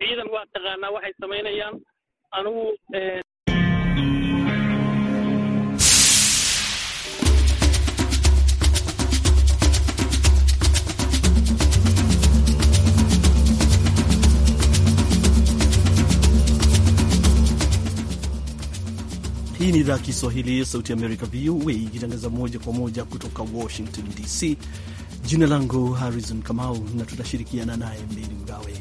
ciidan waa taqaanaa waxay samaynayaan anigu eh, Hii ni idhaa ya Kiswahili ya Sauti Amerika, VOA, ikitangaza moja kwa moja kutoka Washington DC. Jina langu Harrison Kamau na tutashirikiana naye Meri Mgawe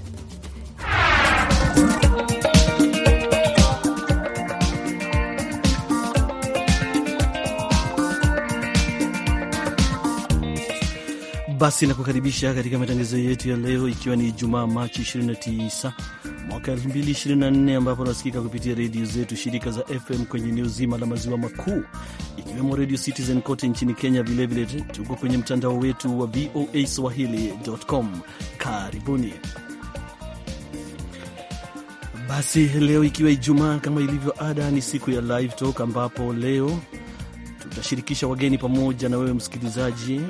basi nakukaribisha katika matangazo yetu ya leo, ikiwa ni Jumaa Machi 29 mwaka 2024, ambapo unasikika kupitia redio zetu shirika za FM kwenye eneo zima la maziwa makuu ikiwemo Radio Citizen kote nchini Kenya. Vilevile tuko kwenye mtandao wetu wa VOA swahili.com. Karibuni. Basi leo ikiwa Ijumaa, kama ilivyo ada, ni siku ya Live Talk ambapo leo tutashirikisha wageni pamoja na wewe msikilizaji,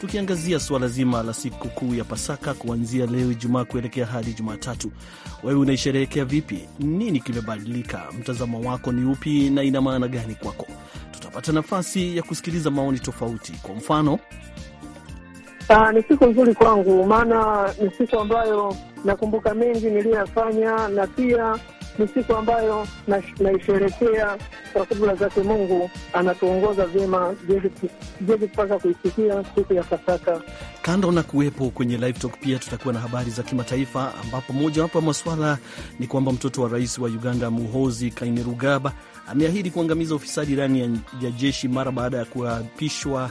tukiangazia suala zima la sikukuu ya Pasaka kuanzia leo Ijumaa kuelekea hadi Jumatatu. Wewe unaisherehekea vipi? Nini kimebadilika? Mtazamo wako ni upi na ina maana gani kwako? Tutapata nafasi ya kusikiliza maoni tofauti. Kwa mfano Aa, ah, ni siku nzuri kwangu, maana ni siku ambayo nakumbuka mengi niliyoyafanya, na pia ni siku ambayo naisherekea kwa fadhila zake Mungu anatuongoza vyema jezi kupaka kuisikia siku ya Pasaka. Kando na kuwepo kwenye live talk, pia tutakuwa na habari za kimataifa, ambapo mojawapo ya maswala ni kwamba mtoto wa rais wa Uganda Muhozi Kainerugaba ameahidi kuangamiza ufisadi ndani ya jeshi mara baada ya kuapishwa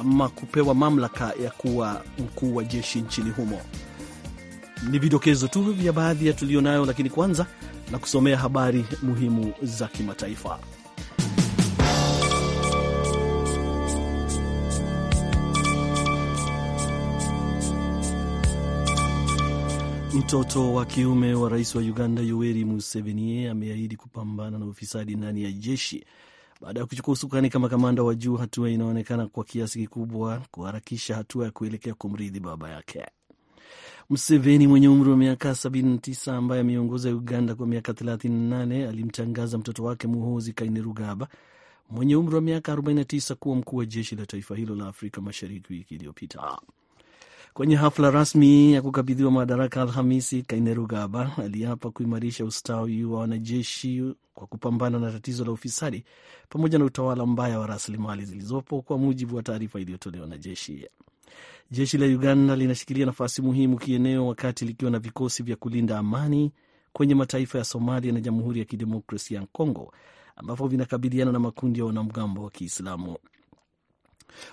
ama kupewa mamlaka ya kuwa mkuu wa jeshi nchini humo. Ni vidokezo tu vya baadhi ya tuliyonayo, lakini kwanza na kusomea habari muhimu za kimataifa. Mtoto wa kiume wa rais wa Uganda Yoweri Museveni ameahidi kupambana na ufisadi ndani ya jeshi baada ya kuchukua usukani kama kamanda wa juu, hatua inaonekana kwa kiasi kikubwa kuharakisha hatua ya kuelekea kumrithi baba yake. Museveni mwenye umri wa miaka 79 ambaye ameongoza Uganda kwa miaka 38 alimtangaza mtoto wake muhozi Kainerugaba mwenye umri wa miaka 49 kuwa mkuu wa jeshi la taifa hilo la Afrika Mashariki wiki iliyopita. Kwenye hafla rasmi ya kukabidhiwa madaraka Alhamisi, Kainerugaba aliapa kuimarisha ustawi wa wanajeshi kwa kupambana na tatizo la ufisadi pamoja na utawala mbaya wa rasilimali zilizopo, kwa mujibu wa taarifa iliyotolewa na jeshi. Jeshi la Uganda linashikilia nafasi muhimu kieneo, wakati likiwa na vikosi vya kulinda amani kwenye mataifa ya Somalia na Jamhuri ya Kidemokrasia ya Kongo, ambapo vinakabiliana na makundi ya wanamgambo wa Kiislamu.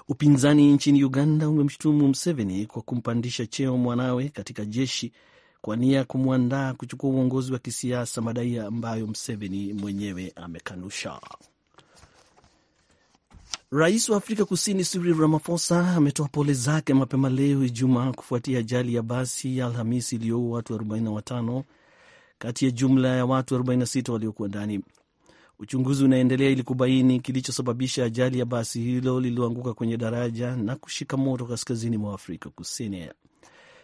Upinzani nchini Uganda umemshutumu Museveni kwa kumpandisha cheo mwanawe katika jeshi kwa nia ya kumwandaa kuchukua uongozi wa kisiasa, madai ambayo Museveni mwenyewe amekanusha. Rais wa Afrika Kusini Cyril Ramaphosa ametoa pole zake mapema leo Ijumaa kufuatia ajali ya basi ya Alhamisi iliyoua watu 45 kati ya jumla ya watu 46 waliokuwa ndani. Uchunguzi unaendelea ili kubaini kilichosababisha ajali ya basi hilo lililoanguka kwenye daraja na kushika moto kaskazini mwa Afrika Kusini.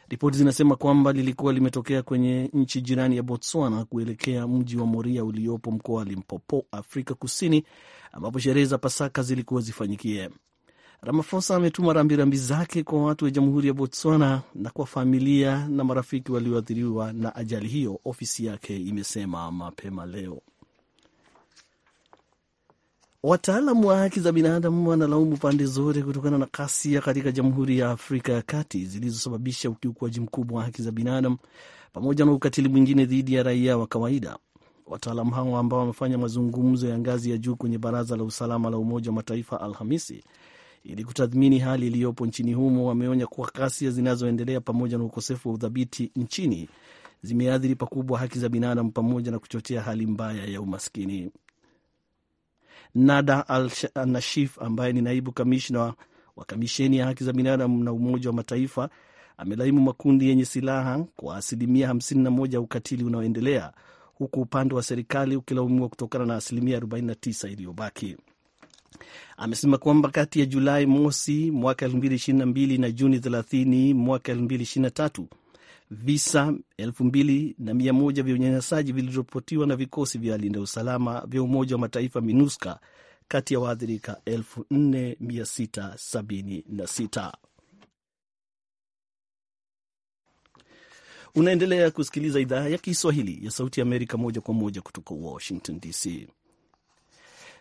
Ripoti zinasema kwamba lilikuwa limetokea kwenye nchi jirani ya Botswana kuelekea mji wa Moria uliopo mkoa wa Limpopo, Afrika Kusini, ambapo sherehe za Pasaka zilikuwa zifanyikie. ramafosa ametuma rambirambi zake kwa watu wa jamhuri ya Botswana na kwa familia na marafiki walioathiriwa na ajali hiyo, ofisi yake imesema mapema leo. Wataalamu wa haki za binadamu wanalaumu pande zote kutokana na ghasia katika Jamhuri ya Afrika ya Kati zilizosababisha ukiukwaji mkubwa wa haki za binadamu pamoja na ukatili mwingine dhidi ya raia wa kawaida. Wataalamu hao ambao wamefanya mazungumzo ya ngazi ya juu kwenye Baraza la Usalama la Umoja wa Mataifa Alhamisi ili kutathmini hali iliyopo nchini humo wameonya kuwa ghasia zinazoendelea pamoja na ukosefu wa udhabiti nchini zimeathiri pakubwa haki za binadamu pamoja na kuchochea hali mbaya ya umaskini. Nada Al-Nashif ambaye ni naibu kamishna wa kamisheni ya haki za binadamu na Umoja wa Mataifa amelaimu makundi yenye silaha kwa asilimia 51 ya ukatili unaoendelea huku upande wa serikali ukilaumiwa kutokana na asilimia 49 iliyobaki. Amesema kwamba kati ya Julai mosi mwaka 2022 na Juni 30 mwaka Visa 2100 vya unyanyasaji viliripotiwa na vikosi vya alinda usalama vya Umoja wa Mataifa MINUSCA kati ya waathirika 4676. Unaendelea kusikiliza idhaa ya Kiswahili ya Sauti ya Amerika moja kwa moja kutoka Washington DC.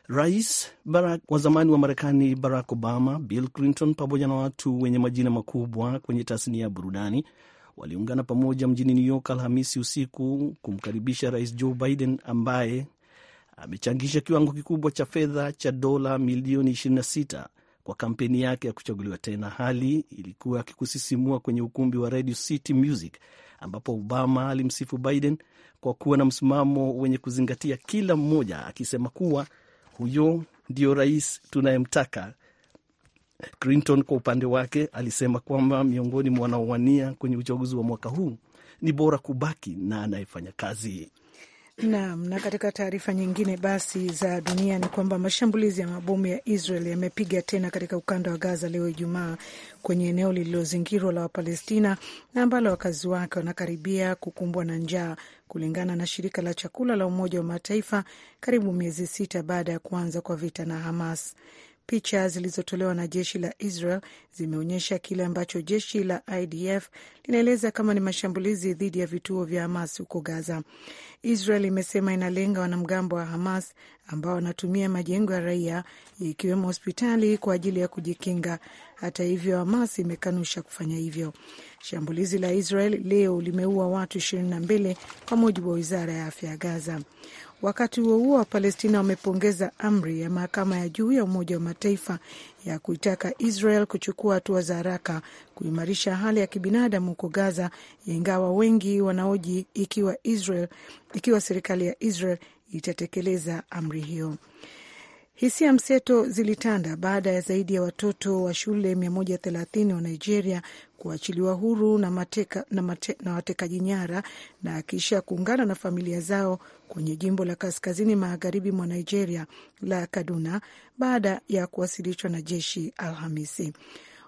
Rais Barack, wa zamani wa Marekani Barack Obama, Bill Clinton pamoja na watu wenye majina makubwa kwenye tasnia ya burudani waliungana pamoja mjini New York Alhamisi usiku kumkaribisha Rais Joe Biden ambaye amechangisha kiwango kikubwa cha fedha cha dola milioni 26 kwa kampeni yake ya kuchaguliwa tena. Hali ilikuwa akikusisimua kwenye ukumbi wa Radio City Music ambapo Obama alimsifu Biden kwa kuwa na msimamo wenye kuzingatia kila mmoja, akisema kuwa huyo ndio rais tunayemtaka Clinton kwa upande wake alisema kwamba miongoni mwa wanaowania kwenye uchaguzi wa mwaka huu ni bora kubaki na anayefanya kazi. Naam. Na katika taarifa nyingine basi za dunia ni kwamba mashambulizi ya mabomu ya Israel yamepiga tena katika ukanda wa Gaza leo Ijumaa, kwenye eneo lililozingirwa la Wapalestina na ambalo wakazi wake wanakaribia kukumbwa na njaa, kulingana na shirika la chakula la Umoja wa Mataifa, karibu miezi sita baada ya kuanza kwa vita na Hamas. Picha zilizotolewa na jeshi la Israel zimeonyesha kile ambacho jeshi la IDF linaeleza kama ni mashambulizi dhidi ya vituo vya Hamas huko Gaza. Israel imesema inalenga wanamgambo wa Hamas ambao wanatumia majengo ya raia ikiwemo hospitali kwa ajili ya kujikinga. Hata hivyo, Hamas imekanusha kufanya hivyo. Shambulizi la Israel leo limeua watu mbili kwa mujibu wa wizara ya afya ya Gaza. Wakati huo huo, Wapalestina wamepongeza amri ya mahakama ya juu ya Umoja wa Mataifa ya kuitaka Israel kuchukua hatua za haraka kuimarisha hali ya kibinadamu huko Gaza, ingawa wengi wanaoji ikiwa Israel, ikiwa serikali ya Israel itatekeleza amri hiyo. Hisia mseto zilitanda baada ya zaidi ya watoto wa shule 130 wa Nigeria kuachiliwa huru na, mateka, na, mate, na watekaji nyara na kisha kuungana na familia zao kwenye jimbo la kaskazini magharibi mwa Nigeria la Kaduna baada ya kuwasilishwa na jeshi Alhamisi.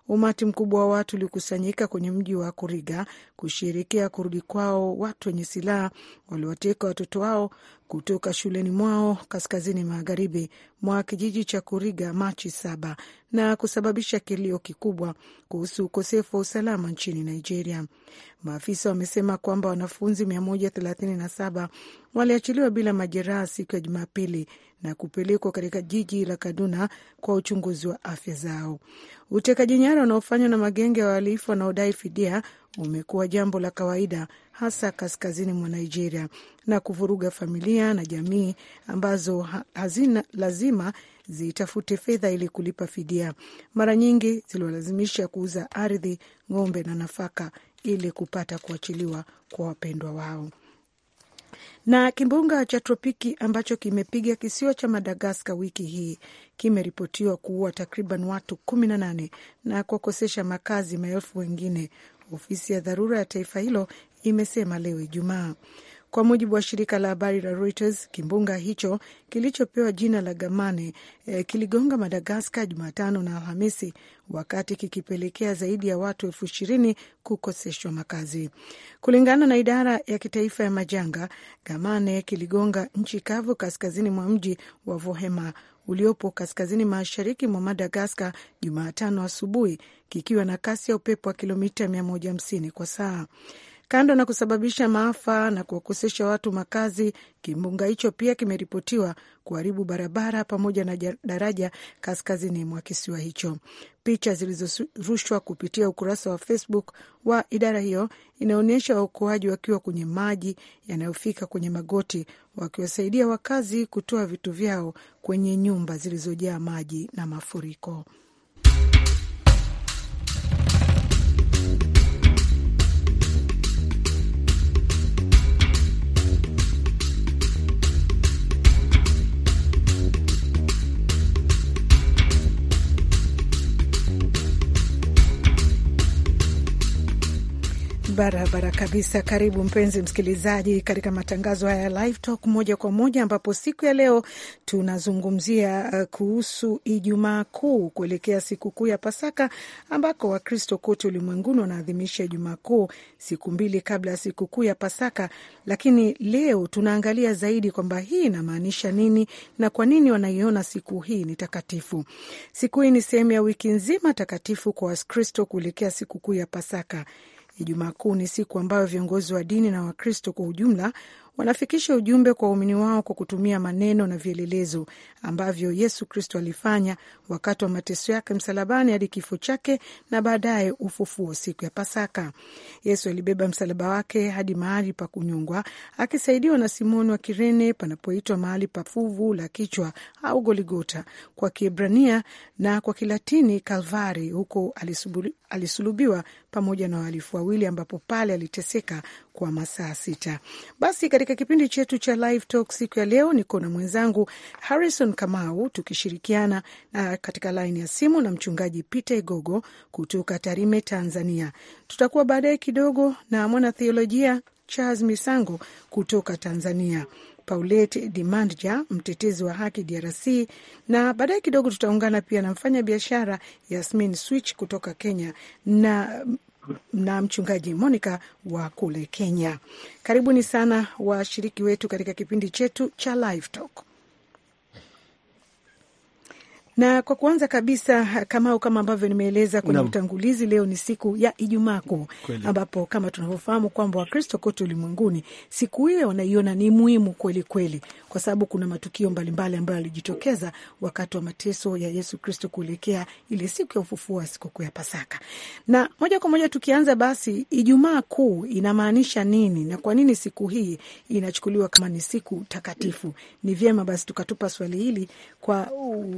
Umati mkubwa wa watu ulikusanyika kwenye mji wa Kuriga kusherekea kurudi kwao watu wenye silaha waliwateka watoto wao kutoka shuleni mwao kaskazini magharibi mwa kijiji cha Kuriga Machi saba na kusababisha kilio kikubwa kuhusu ukosefu wa usalama nchini Nigeria. Maafisa wamesema kwamba wanafunzi 137 waliachiliwa bila majeraha siku ya Jumapili na kupelekwa katika jiji la Kaduna kwa uchunguzi wa afya zao. Utekaji nyara unaofanywa na magenge ya wahalifu wanaodai fidia umekuwa jambo la kawaida hasa kaskazini mwa Nigeria na kuvuruga familia na jamii ambazo hazina lazima zitafute fedha ili kulipa fidia. Mara nyingi ziliwalazimisha kuuza ardhi, ng'ombe na nafaka ili kupata kuachiliwa kwa wapendwa wao. Na kimbunga cha tropiki ambacho kimepiga kisiwa cha Madagaskar wiki hii kimeripotiwa kuua takriban watu kumi na nane na kuwakosesha makazi maelfu wengine, ofisi ya dharura ya taifa hilo imesema leo Ijumaa. Kwa mujibu wa shirika la habari la Reuters, kimbunga hicho kilichopewa jina la Gamane eh, kiligonga Madagaskar Jumatano na Alhamisi wakati kikipelekea zaidi ya watu elfu ishirini kukoseshwa makazi. Kulingana na idara ya kitaifa ya majanga, Gamane kiligonga nchi kavu kaskazini mwa mji wa Vohema uliopo kaskazini mashariki mwa Madagaskar Jumatano asubuhi, kikiwa na kasi ya upepo wa kilomita 150 kwa saa. Kando na kusababisha maafa na kuwakosesha watu makazi, kimbunga hicho pia kimeripotiwa kuharibu barabara pamoja na daraja kaskazini mwa kisiwa hicho. Picha zilizorushwa kupitia ukurasa wa Facebook wa idara hiyo inaonyesha waokoaji wakiwa kwenye maji yanayofika kwenye magoti, wakiwasaidia wakazi kutoa vitu vyao kwenye nyumba zilizojaa maji na mafuriko. Barabara kabisa. Karibu mpenzi msikilizaji, katika matangazo haya Live Talk moja kwa moja, ambapo siku ya leo tunazungumzia uh, kuhusu Ijumaa Kuu kuelekea siku kuu ya Pasaka, ambako Wakristo kote ulimwenguni wanaadhimisha Ijumaa Kuu siku mbili kabla ya siku kuu ya Pasaka. Lakini leo tunaangalia zaidi kwamba hii inamaanisha nini na kwa nini wanaiona siku hii ni takatifu. Siku hii ni sehemu ya wiki nzima takatifu kwa Wakristo kuelekea siku kuu ya Pasaka. Ijumaa Kuu ni siku ambayo viongozi wa dini na Wakristo kwa ujumla wanafikisha ujumbe kwa waumini wao kwa kutumia maneno na vielelezo ambavyo Yesu Kristo alifanya wakati wa mateso yake msalabani hadi kifo chake na baadaye ufufuo siku ya Pasaka. Yesu alibeba msalaba wake hadi mahali pa kunyongwa, akisaidiwa na Simoni wa Kirene panapoitwa mahali pa fuvu la kichwa au Goligota kwa Kiebrania na kwa Kilatini Kalvari. Huko alisulubiwa pamoja na wahalifu wawili, ambapo pale aliteseka kwa masaa sita. Basi katika kipindi chetu cha Live Talk siku ya leo niko na mwenzangu Harrison Kamau tukishirikiana na katika laini ya simu na mchungaji Peter Gogo kutoka Tarime, Tanzania. Tutakuwa baadaye kidogo na mwanatheolojia Charles Misango kutoka Tanzania, Paulette Dimandja, mtetezi wa haki DRC, na baadaye kidogo tutaungana pia na mfanya biashara Yasmin Switch kutoka Kenya na na mchungaji Monica wa kule Kenya. Karibuni sana washiriki wetu katika kipindi chetu cha Live Talk. Na kwa kuanza kabisa, Kamau, kama ambavyo nimeeleza kwenye utangulizi, leo ni siku ya Ijumaa Kuu, ambapo kama tunavyofahamu kwamba Wakristo kote ulimwenguni siku hiyo wanaiona ni muhimu kweli kweli, kwa sababu kuna matukio mbalimbali ambayo yalijitokeza wakati wa mateso ya Yesu Kristo kuelekea ile siku ya ufufuo wa sikukuu ya Pasaka. Na moja kwa moja tukianza basi, Ijumaa Kuu inamaanisha nini na kwa nini siku hii inachukuliwa kama ni siku takatifu? Ni vyema basi tukatupa swali hili kwa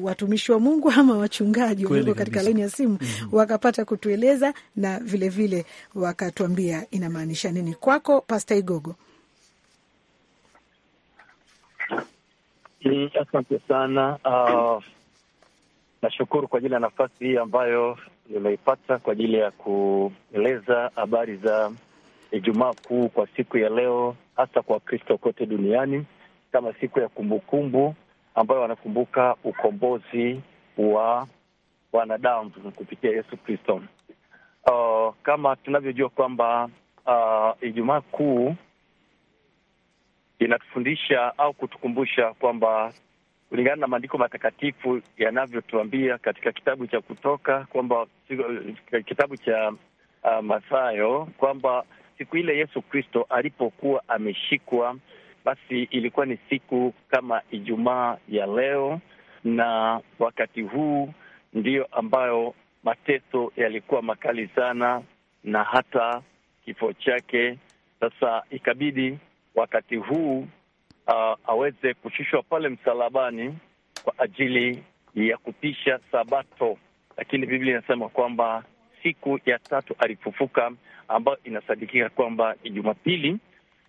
watumishi watumishi wa Mungu ama wachungaji walioko katika laini ya simu mm -hmm. wakapata kutueleza na vilevile wakatuambia inamaanisha nini kwako, Pasta Igogo. Mm, asante sana uh, nashukuru kwa ajili ya nafasi hii ambayo nimeipata kwa ajili ya kueleza habari za Ijumaa Kuu kwa siku ya leo, hasa kwa Wakristo kote duniani kama siku ya kumbukumbu ambayo wanakumbuka ukombozi wa wanadamu kupitia Yesu Kristo. Uh, kama tunavyojua kwamba uh, Ijumaa Kuu inatufundisha au kutukumbusha kwamba kulingana na maandiko matakatifu yanavyotuambia katika kitabu cha Kutoka kwamba uh, kitabu cha uh, Mathayo kwamba siku ile Yesu Kristo alipokuwa ameshikwa basi ilikuwa ni siku kama Ijumaa ya leo, na wakati huu ndiyo ambayo mateso yalikuwa makali sana na hata kifo chake. Sasa ikabidi wakati huu uh, aweze kushushwa pale msalabani kwa ajili ya kutisha Sabato, lakini Biblia inasema kwamba siku ya tatu alifufuka, ambayo inasadikika kwamba ni Jumapili,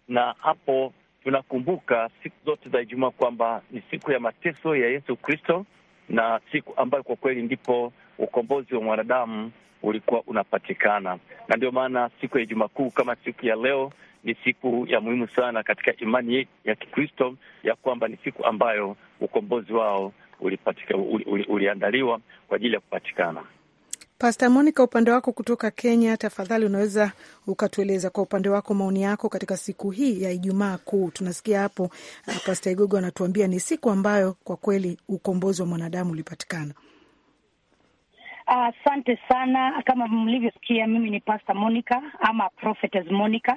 na hapo tunakumbuka siku zote za Ijumaa kwamba ni siku ya mateso ya Yesu Kristo na siku ambayo kwa kweli ndipo ukombozi wa mwanadamu ulikuwa unapatikana, na ndio maana siku ya Ijumaa Kuu kama siku ya leo ni siku ya muhimu sana katika imani ya Kikristo ya kwamba ni siku ambayo ukombozi wao ulipatika, uli, uli, uliandaliwa kwa ajili ya kupatikana. Pasta Monica, upande wako kutoka Kenya, tafadhali unaweza ukatueleza kwa upande wako maoni yako katika siku hii ya Ijumaa Kuu. Tunasikia hapo eh, Pasta Igogo anatuambia ni siku ambayo kwa kweli ukombozi wa mwanadamu ulipatikana. Asante uh, sana. Kama mlivyosikia, mimi ni Pastor Monica ama Prophetess Monica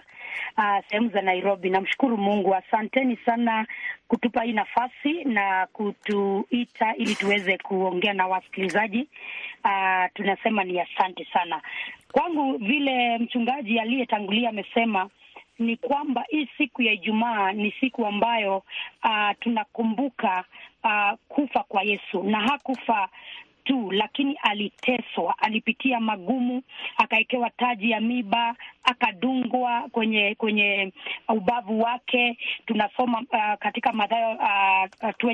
uh, sehemu za Nairobi. Namshukuru Mungu, asanteni sana kutupa hii nafasi na kutuita ili tuweze kuongea na wasikilizaji uh, tunasema ni asante sana kwangu, vile mchungaji aliyetangulia amesema ni kwamba hii siku ya Ijumaa ni siku ambayo uh, tunakumbuka uh, kufa kwa Yesu na hakufa tu, lakini aliteswa, alipitia magumu, akawekewa taji ya miba, akadungwa kwenye kwenye ubavu wake. Tunasoma uh, katika Mathayo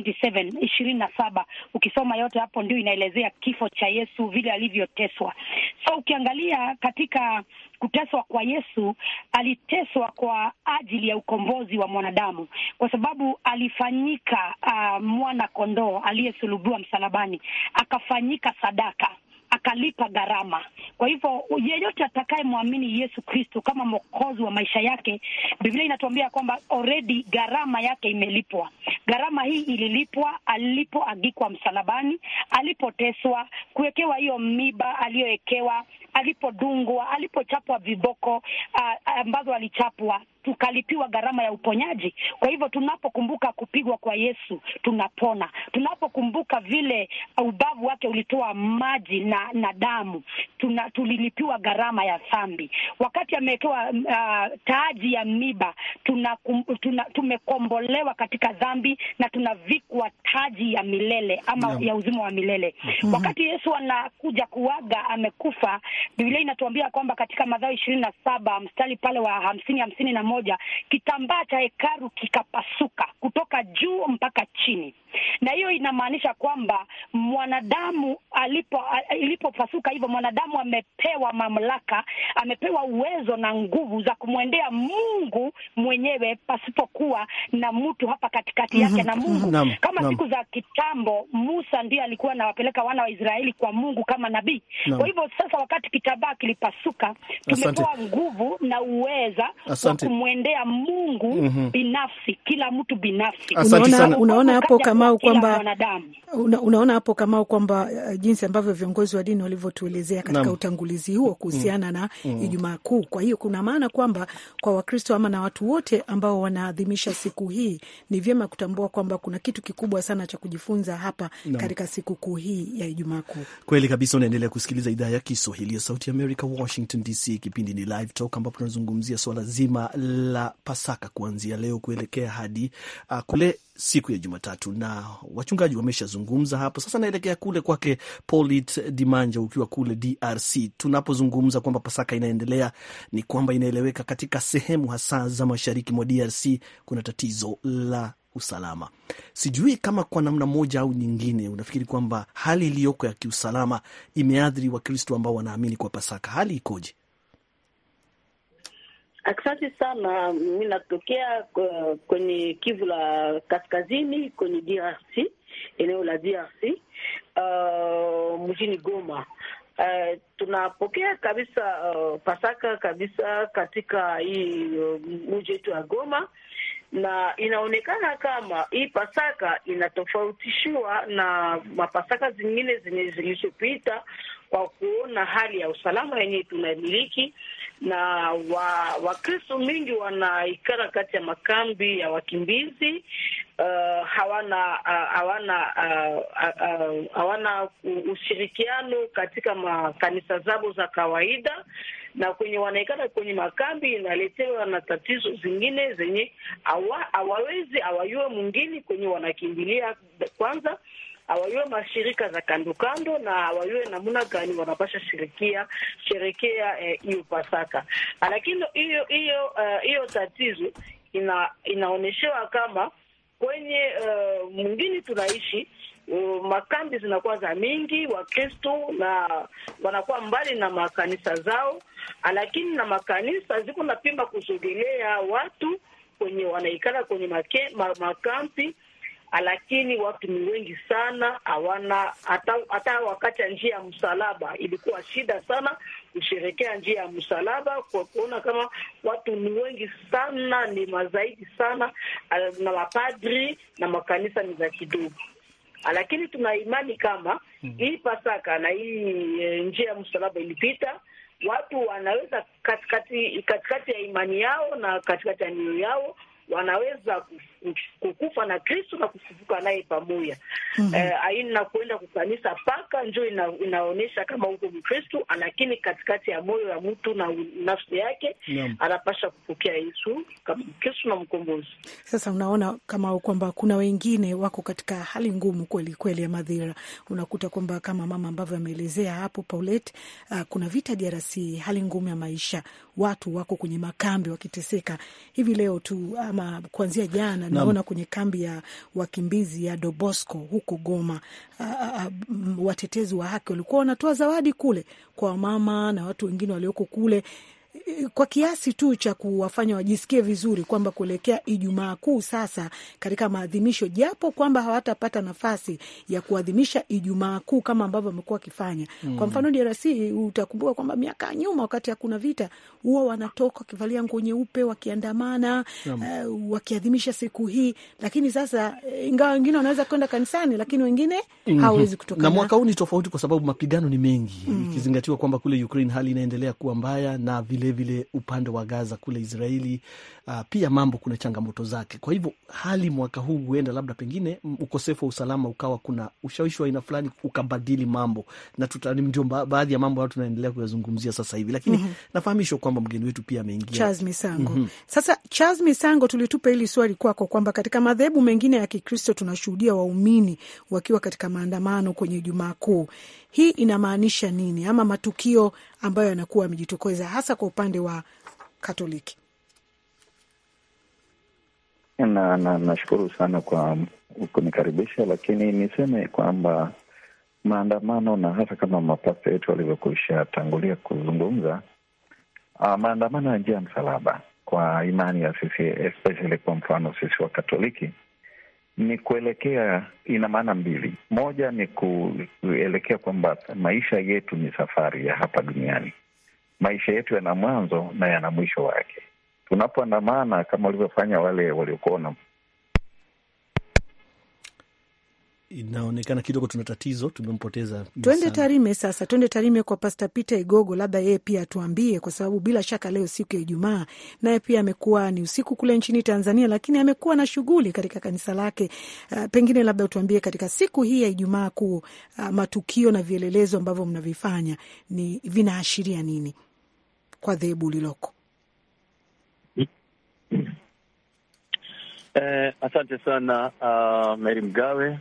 ishirini uh, ishirini na saba. Ukisoma yote hapo, ndio inaelezea kifo cha Yesu vile alivyoteswa. So ukiangalia katika kuteswa kwa Yesu, aliteswa kwa ajili ya ukombozi wa mwanadamu, kwa sababu alifanyika uh, mwana kondoo aliyesulubiwa msalabani, akafanyika sadaka akalipa gharama. Kwa hivyo yeyote atakayemwamini Yesu Kristo kama mwokozi wa maisha yake, Biblia inatuambia kwamba already gharama yake imelipwa. Gharama hii ililipwa alipoagikwa msalabani, alipoteswa, kuwekewa hiyo miba aliyowekewa, alipodungwa, alipochapwa viboko uh, ambazo alichapwa tukalipiwa gharama ya uponyaji. Kwa hivyo tunapokumbuka kupigwa kwa Yesu tunapona, tunapokumbuka vile ah, ubavu wake ulitoa maji na na damu tuna, tulilipiwa gharama ya dhambi. Wakati amewekewa uh, taji ya miba tuna, tuna, tumekombolewa katika dhambi na tunavikwa taji ya milele ama yeah, ya uzima wa milele mm -hmm. Wakati Yesu anakuja kuaga amekufa, Biblia inatuambia kwamba katika Mathayo ishirini na saba mstari pale wa hamsini hamsini na moja kitambaa cha hekaru kikapasuka kutoka juu mpaka chini, na hiyo inamaanisha kwamba mwanadamu alipo ilipopasuka hivyo, mwanadamu amepewa mamlaka, amepewa uwezo na nguvu za kumwendea Mungu mwenyewe pasipokuwa na mtu hapa katikati yake mhm. na Mungu mm -hmm. kama siku za kitambo Musa ndiye alikuwa anawapeleka wana wa Israeli kwa Mungu kama nabii kwa hivyo sasa wakati kitabaa kilipasuka. Tumepewa nguvu na uweza wa kumwendea Mungu mm -hmm. binafsi, kila mtu binafsi. Unaona hapo Kamau kwamba una, unaona hapo Kamau kwamba uh, jinsi ambavyo viongozi wa dini walivyotuelezea katika Nam. utangulizi huo kuhusiana mm. na mm. Ijumaa Kuu. Kwa hiyo kuna maana kwamba kwa Wakristo ama na watu wote ambao wanaadhimisha siku hii ni vyema kutambua kwamba kuna kitu kikubwa sana cha kujifunza hapa Nam. katika siku kuu hii ya Ijumaa Kuu. Kweli kabisa, unaendelea kusikiliza idhaa ya Kiswahili ya Sauti America, Washington DC. Kipindi ni Live Talk ambapo tunazungumzia swala zima la Pasaka kuanzia leo kuelekea hadi uh, kule siku ya Jumatatu, na wachungaji wameshazungumza hapo. Sasa naelekea kule kwake Polit Dimanja, ukiwa kule DRC. Tunapozungumza kwamba Pasaka inaendelea, ni kwamba inaeleweka katika sehemu hasa za mashariki mwa DRC kuna tatizo la usalama. Sijui kama kwa namna moja au nyingine unafikiri kwamba hali iliyoko ya kiusalama imeathiri Wakristo ambao wanaamini kwa Pasaka, hali ikoje? Asante sana. Mi natokea uh, kwenye Kivu la Kaskazini, kwenye DRC, eneo la DRC, uh, mjini Goma. Uh, tunapokea kabisa uh, Pasaka kabisa katika hii uh, mji wetu wa Goma na inaonekana kama hii Pasaka inatofautishiwa na mapasaka zingine zenye zilizopita kwa kuona hali ya usalama yenye tunamiliki na Wakristo wa mingi wanaikara kati ya makambi ya wakimbizi uh, hawana uh, hawana uh, uh, uh, hawana ushirikiano katika makanisa zabo za kawaida na kwenye wanaikata kwenye makambi inaletewa na tatizo zingine zenye awa, awawezi awayue mwingine kwenye wanakimbilia kwanza awayue mashirika za kando kando na awayue namna gani wanapasha shirikia sherekea eh, hiyo eh, Pasaka. Ah, lakini hiyo hiyo eh, hiyo uh, tatizo ina, inaoneshewa kama kwenye uh, mwingine tunaishi Mm, makambi zinakuwa za mingi Wakristo na wanakuwa mbali na makanisa zao, lakini na makanisa ziko napimba kusogelea watu kwenye wanaikala kwenye make, ma, makampi lakini watu ni wengi sana, hawana hata wakati ya njia ya msalaba. Ilikuwa shida sana kusherekea njia ya msalaba kwa kuona kama watu ni wengi sana, ni mazaidi sana, eh, na mapadri na makanisa ni za kidogo lakini tuna imani kama mm -hmm. hii Pasaka na hii e, njia ya msalaba ilipita, watu wanaweza katikati katikati ya imani yao na katikati ya mioyo yao wanaweza kukufa na Kristo na kufufuka naye pamoja. mm -hmm. Eh, aina kuenda kukanisa paka njo ina, inaonyesha kama huko Mkristo, lakini katikati ya moyo ya mtu na nafsi yake yeah. anapasha kupokea Yesu kama Mkristo na mkombozi. Sasa unaona kama kwamba kuna wengine wako katika hali ngumu kweli kweli ya madhira. Unakuta kwamba kama mama ambavyo ameelezea hapo Paulette, uh, kuna vita DRC, hali ngumu ya maisha, watu wako kwenye makambi wakiteseka hivi leo tu um, ama kuanzia jana naona kwenye kambi ya wakimbizi ya Dobosco huko Goma, watetezi wa haki walikuwa wanatoa zawadi kule kwa mama na watu wengine walioko kule kwa kiasi tu cha kuwafanya wajisikie vizuri kwamba kuelekea Ijumaa Kuu sasa katika maadhimisho, japo kwamba hawatapata nafasi ya kuadhimisha Ijumaa Kuu kama ambavyo wamekuwa wakifanya mm. Kwa mfano DRC, utakumbuka kwamba miaka ya nyuma, wakati hakuna vita, huwa wanatoka wakivalia nguo nyeupe, wakiandamana mm. uh, wakiadhimisha siku hii, lakini sasa eh, ingawa wengine wanaweza kwenda kanisani, lakini wengine mm -hmm. hawawezi kutoka. Na mwaka huu ni tofauti kwa sababu mapigano ni mengi mm. ikizingatiwa kwamba kule Ukraine hali inaendelea kuwa mbaya na vile vilevile vile upande wa Gaza kule Israeli. Uh, pia mambo kuna changamoto zake. Kwa hivyo hali mwaka huu huenda labda pengine ukosefu wa usalama ukawa kuna ushawishi wa aina fulani ukabadili mambo, na tuta ndio baadhi ya mambo ambayo tunaendelea kuyazungumzia sasa hivi, lakini mm -hmm. nafahamishwa kwamba mgeni wetu pia ameingia Charles Misango. mm -hmm. Sasa Charles Misango, tulitupa hili swali kwako kwamba katika madhehebu mengine ya Kikristo tunashuhudia waumini wakiwa katika maandamano kwenye Ijumaa Kuu. Hii inamaanisha nini, ama matukio ambayo yanakuwa yamejitokeza hasa kwa upande wa Katoliki? na nashukuru na sana kwa kunikaribisha, lakini niseme kwamba maandamano na hasa kama mapasta yetu walivyokwisha tangulia kuzungumza, uh, maandamano ya njia ya msalaba kwa imani ya sisi, especially kwa mfano sisi wa Katoliki ni kuelekea, ina maana mbili. Moja ni kuelekea kwamba maisha yetu ni safari ya hapa duniani, maisha yetu yana mwanzo na yana mwisho wake. Tunapoandamana kama walivyofanya wale waliokuwa inaonekana kidogo tuna tatizo, tumempoteza. Twende Tarime sasa, twende Tarime kwa Pasta Peter Igogo, labda yeye pia atuambie, kwa sababu bila shaka leo siku ya Ijumaa, naye pia amekuwa ni usiku kule nchini Tanzania, lakini amekuwa na shughuli katika kanisa lake. Uh, pengine labda utuambie katika siku hii ya Ijumaa Kuu, uh, matukio na vielelezo ambavyo mnavifanya ni vinaashiria nini kwa dhehebu liloko? Eh, asante sana uh, Meri Mgawe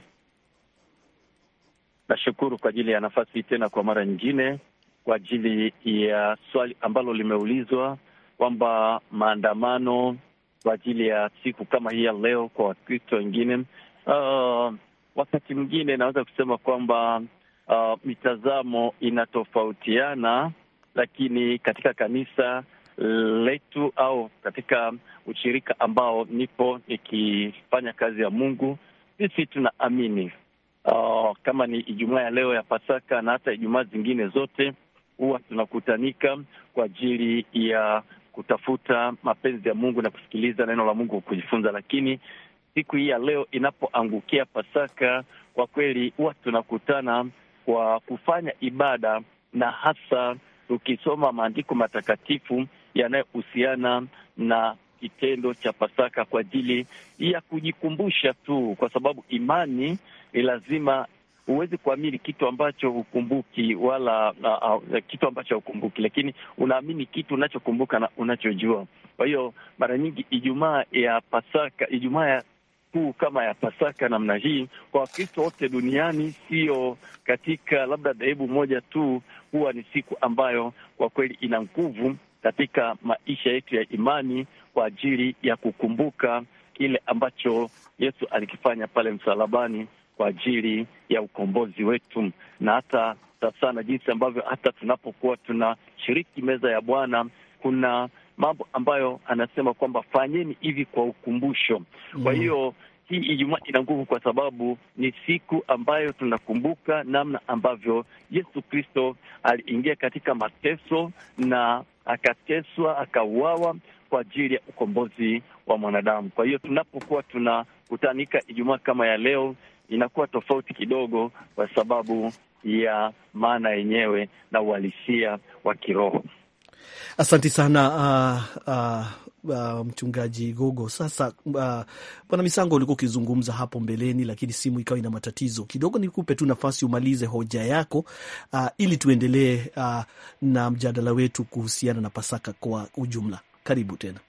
Nashukuru kwa ajili ya nafasi tena kwa mara nyingine kwa ajili ya swali ambalo limeulizwa kwamba maandamano kwa ajili ya siku kama hii ya leo kwa Wakristo wengine, uh, wakati mwingine naweza kusema kwamba uh, mitazamo inatofautiana, lakini katika kanisa letu au katika ushirika ambao nipo nikifanya kazi ya Mungu, sisi tunaamini uh, kama ni Ijumaa ya leo ya Pasaka na hata Ijumaa zingine zote huwa tunakutanika kwa ajili ya kutafuta mapenzi ya Mungu na kusikiliza neno la Mungu kujifunza, lakini siku hii ya leo inapoangukia Pasaka, kwa kweli huwa tunakutana kwa kufanya ibada na hasa tukisoma maandiko matakatifu yanayohusiana na kitendo cha Pasaka kwa ajili ya kujikumbusha tu, kwa sababu imani ni lazima huwezi kuamini kitu ambacho hukumbuki wala uh, uh, kitu ambacho haukumbuki lakini unaamini kitu unachokumbuka na unachojua. Kwa hiyo mara nyingi Ijumaa ya Pasaka, Ijumaa ya kuu kama ya Pasaka namna hii kwa Wakristo wote duniani, sio katika labda dhehebu moja tu, huwa ni siku ambayo kwa kweli ina nguvu katika maisha yetu ya imani kwa ajili ya kukumbuka kile ambacho Yesu alikifanya pale msalabani kwa ajili ya ukombozi wetu, na hata sana jinsi ambavyo hata tunapokuwa tunashiriki meza ya Bwana kuna mambo ambayo anasema kwamba fanyeni hivi kwa ukumbusho. Kwa mm. hiyo hii Ijumaa ina nguvu kwa sababu ni siku ambayo tunakumbuka namna ambavyo Yesu Kristo aliingia katika mateso na akateswa, akauawa kwa ajili ya ukombozi wa mwanadamu. Kwa hiyo tunapokuwa tunakutanika Ijumaa kama ya leo, inakuwa tofauti kidogo kwa sababu ya maana yenyewe na uhalisia wa kiroho. Asanti sana uh, uh, uh, mchungaji Gogo. Sasa bwana uh, Misango, ulikuwa ukizungumza hapo mbeleni, lakini simu ikawa ina matatizo kidogo. Nikupe tu nafasi umalize hoja yako uh, ili tuendelee uh, na mjadala wetu kuhusiana na Pasaka kwa ujumla. Karibu tena.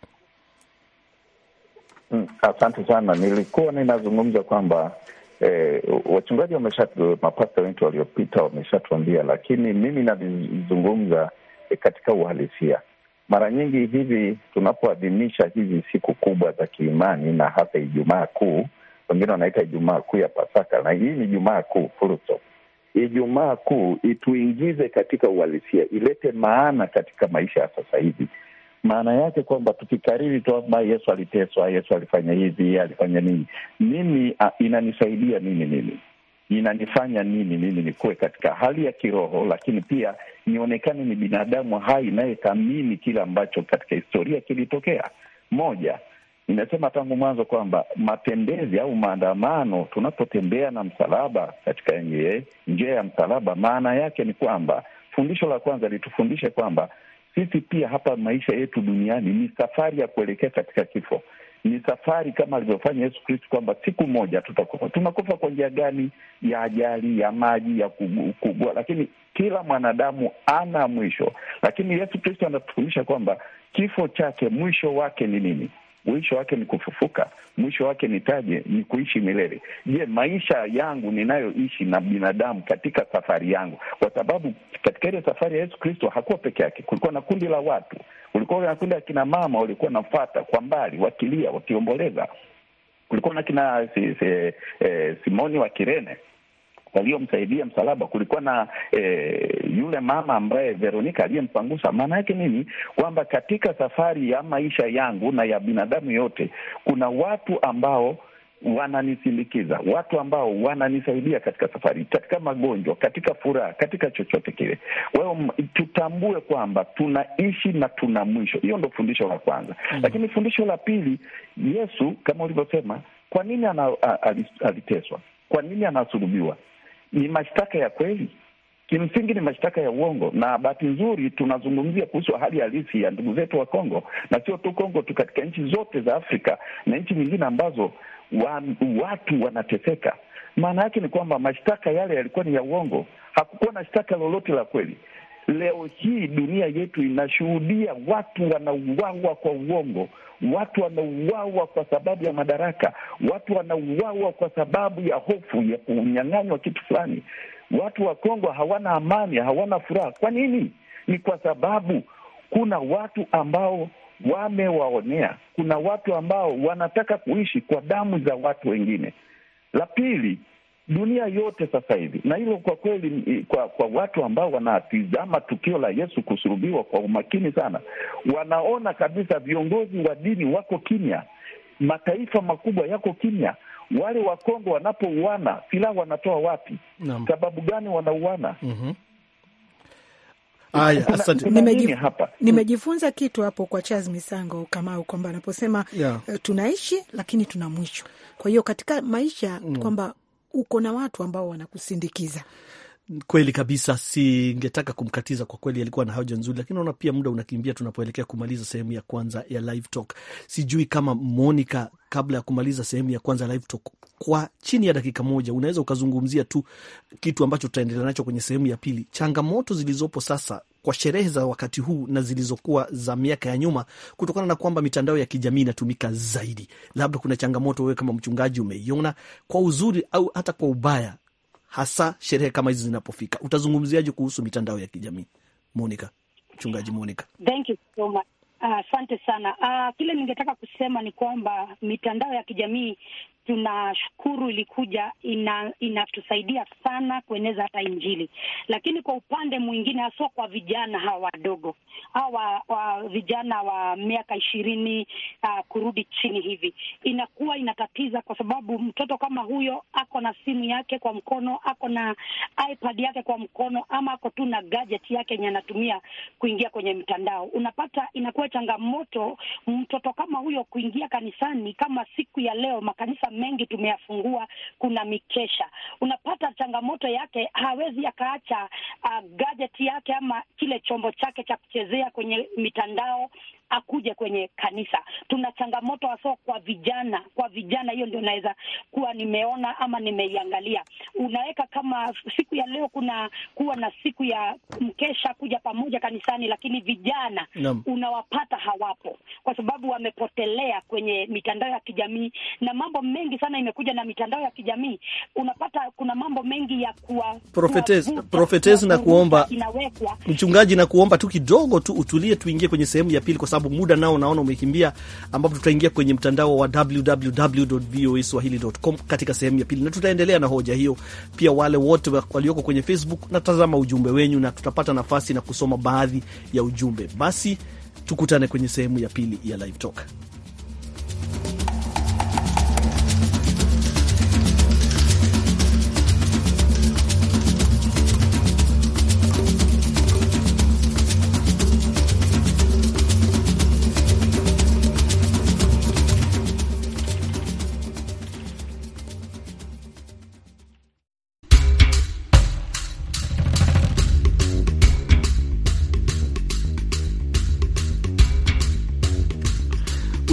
Mm, asante sana. Nilikuwa ninazungumza kwamba eh, wachungaji wamesha, mapasta wetu waliopita wameshatuambia, lakini mimi navizungumza eh, katika uhalisia. Mara nyingi hivi tunapoadhimisha hizi siku kubwa za kiimani na hasa Ijumaa Kuu, wengine wanaita Ijumaa Kuu ya Pasaka, na hii ni Ijumaa Kuu furso Ijumaa Kuu ituingize katika uhalisia, ilete maana katika maisha ya sasa hivi maana yake kwamba tukikariri tu kwamba Yesu aliteswa, Yesu alifanya hivi, alifanya nini, mimi inanisaidia nini mimi inanifanya nini mimi nikuwe katika hali ya kiroho, lakini pia nionekane ni binadamu hai inayethamini kile ambacho katika historia kilitokea. Moja, nimesema tangu mwanzo kwamba matembezi au maandamano, tunapotembea na msalaba katika njia ya msalaba, maana yake ni kwamba fundisho la kwanza litufundishe kwamba sisi pia hapa maisha yetu duniani ni safari ya kuelekea katika kifo, ni safari kama alivyofanya Yesu Kristo, kwamba siku moja tutakufa. Tunakufa kwa njia gani? Ya ajali, ya maji, ya kubwa, lakini kila mwanadamu ana mwisho. Lakini Yesu Kristo anatufundisha kwamba kifo chake mwisho wake ni nini? mwisho wake ni kufufuka, mwisho wake ni taje ni kuishi milele. Je, maisha yangu ninayoishi na binadamu katika safari yangu, kwa sababu katika ile safari ya Yesu Kristo hakuwa peke yake, kulikuwa na kundi la watu, kulikuwa na kundi la kina mama walikuwa nafata kwa mbali, wakilia, wakiomboleza. Kulikuwa na kina si, si, eh, Simoni wa Kirene waliomsaidia msalaba, kulikuwa na eh, yule mama ambaye Veronika aliyempangusa. Maana yake nini? Kwamba katika safari ya maisha yangu na ya binadamu yote kuna watu ambao wananisindikiza, watu ambao wananisaidia katika safari, katika magonjwa, katika furaha, katika chochote kile. hiyo tutambue kwamba tunaishi na tuna mwisho. Hiyo ndo fundisho la kwanza. mm -hmm. Lakini fundisho la pili, Yesu kama ulivyosema, kwa nini aliteswa? Kwa nini anasulubiwa? ni mashtaka ya kweli? Kimsingi ni mashtaka ya uongo, na bahati nzuri tunazungumzia kuhusu hali halisi ya ndugu zetu wa Kongo, na sio tu Kongo tu, katika nchi zote za Afrika na nchi nyingine ambazo wa, watu wanateseka. Maana yake ni kwamba mashtaka yale yalikuwa ni ya uongo, hakukuwa na shtaka lolote la kweli. Leo hii dunia yetu inashuhudia watu wanauawa kwa uongo, watu wanauawa kwa sababu ya madaraka, watu wanauawa kwa sababu ya hofu ya kunyang'anywa kitu fulani. Watu wa Kongo hawana amani, hawana furaha. Kwa nini? Ni kwa sababu kuna watu ambao wamewaonea, kuna watu ambao wanataka kuishi kwa damu za watu wengine. La pili dunia yote sasa hivi. Na hilo kwa kweli, kwa kwa watu ambao wanatizama tukio la Yesu kusurubiwa kwa umakini sana, wanaona kabisa viongozi wa dini wako kimya, mataifa makubwa yako kimya. Wale Wakongo wanapouana silaha wanatoa wapi? Sababu gani wanauana? mm -hmm. Aya, asante. Nimejif, nimejifunza kitu hapo kwa Charles Misango Kamau kwamba anaposema yeah, tunaishi lakini tuna mwisho. Kwa hiyo katika maisha mm, kwamba uko na watu ambao wanakusindikiza Kweli kabisa, singetaka kumkatiza kwa kweli, alikuwa na hoja nzuri, lakini naona pia muda unakimbia tunapoelekea kumaliza sehemu ya kwanza ya Live Talk. Sijui kama Monica, kabla ya kumaliza sehemu ya kwanza Live Talk, kwa chini ya dakika moja, unaweza ukazungumzia tu kitu ambacho tutaendelea nacho kwenye sehemu ya pili, changamoto zilizopo sasa kwa sherehe za wakati huu na zilizokuwa za miaka ya nyuma, kutokana na kwamba mitandao ya kijamii inatumika zaidi. Labda kuna changamoto wewe kama mchungaji umeiona kwa uzuri au hata kwa ubaya hasa sherehe kama hizi zinapofika. Utazungumziaje kuhusu mitandao ya kijamii Monica? Mchungaji Monica. Thank you so much. Ah, asante uh, sana. Uh, kile ningetaka kusema ni kwamba mitandao ya kijamii tunashukuru ilikuja, ina, inatusaidia sana kueneza hata Injili. Lakini kwa upande mwingine, haswa kwa vijana hawa wadogo hawa wa vijana wa miaka ishirini uh, kurudi chini hivi, inakuwa inatatiza, kwa sababu mtoto kama huyo ako na simu yake kwa mkono, ako na iPad yake kwa mkono, ama ako tu na gadget yake yenye anatumia kuingia kwenye mtandao unapata inakuwa changamoto mtoto kama huyo kuingia kanisani, kama siku ya leo makanisa mengi tumeyafungua. Kuna mikesha, unapata changamoto yake, hawezi akaacha uh, gadget yake ama kile chombo chake cha kuchezea kwenye mitandao akuje kwenye kanisa. Tuna changamoto hasa kwa vijana, kwa vijana. Hiyo ndio naweza kuwa nimeona ama nimeiangalia. Unaweka kama siku ya leo kuna kuwa na siku ya mkesha kuja pamoja kanisani, lakini vijana no. unawapata hawapo, kwa sababu wamepotelea kwenye mitandao ya kijamii na mambo mengi sana imekuja na mitandao ya kijamii. Unapata kuna mambo mengi ya kuwa profetes na kuomba mchungaji na kuomba tu kidogo tu utulie, tuingie kwenye sehemu ya pili kwa sababu sababu muda nao naona umekimbia, ambapo tutaingia kwenye mtandao wa www.voaswahili.com katika sehemu ya pili, na tutaendelea na hoja hiyo. Pia wale wote walioko kwenye Facebook, natazama ujumbe wenyu na tutapata nafasi na kusoma baadhi ya ujumbe. Basi tukutane kwenye sehemu ya pili ya Live Talk.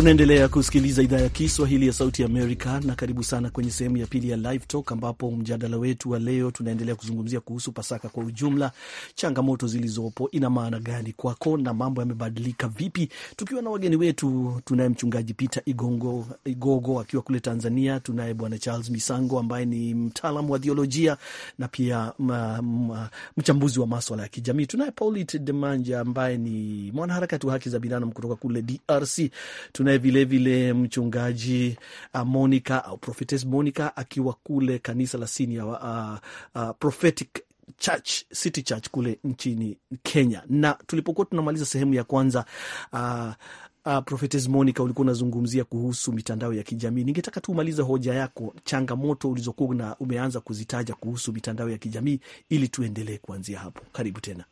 Unaendelea kusikiliza idhaa ya Kiswahili ya Sauti ya Amerika, na karibu sana kwenye sehemu ya pili ya Live Talk, ambapo mjadala wetu wa leo tunaendelea kuzungumzia kuhusu Pasaka kwa ujumla, changamoto zilizopo, ina maana gani kwako na mambo yamebadilika vipi, tukiwa na wageni wetu. Tunaye mchungaji Peter Igongo, Igogo akiwa kule Tanzania. Tunaye bwana Charles Misango ambaye ni mtaalamu wa theolojia na pia mchambuzi wa maswala ya kijamii. Tunaye Paulit Demanja ambaye ni mwanaharakati wa haki za binadamu kutoka kule DRC. Tunaye tunaye vilevile mchungaji uh, Monica au uh, Prophetess Monica akiwa kule kanisa la Senior uh, uh, Prophetic Church, City Church kule nchini Kenya. Na tulipokuwa tunamaliza sehemu ya kwanza uh, Uh, Profetes Monica, ulikuwa unazungumzia kuhusu mitandao ya kijamii. Ningetaka tu umalize hoja yako, changamoto ulizokuwa umeanza kuzitaja kuhusu mitandao ya kijamii, ili tuendelee kuanzia hapo. Karibu tena.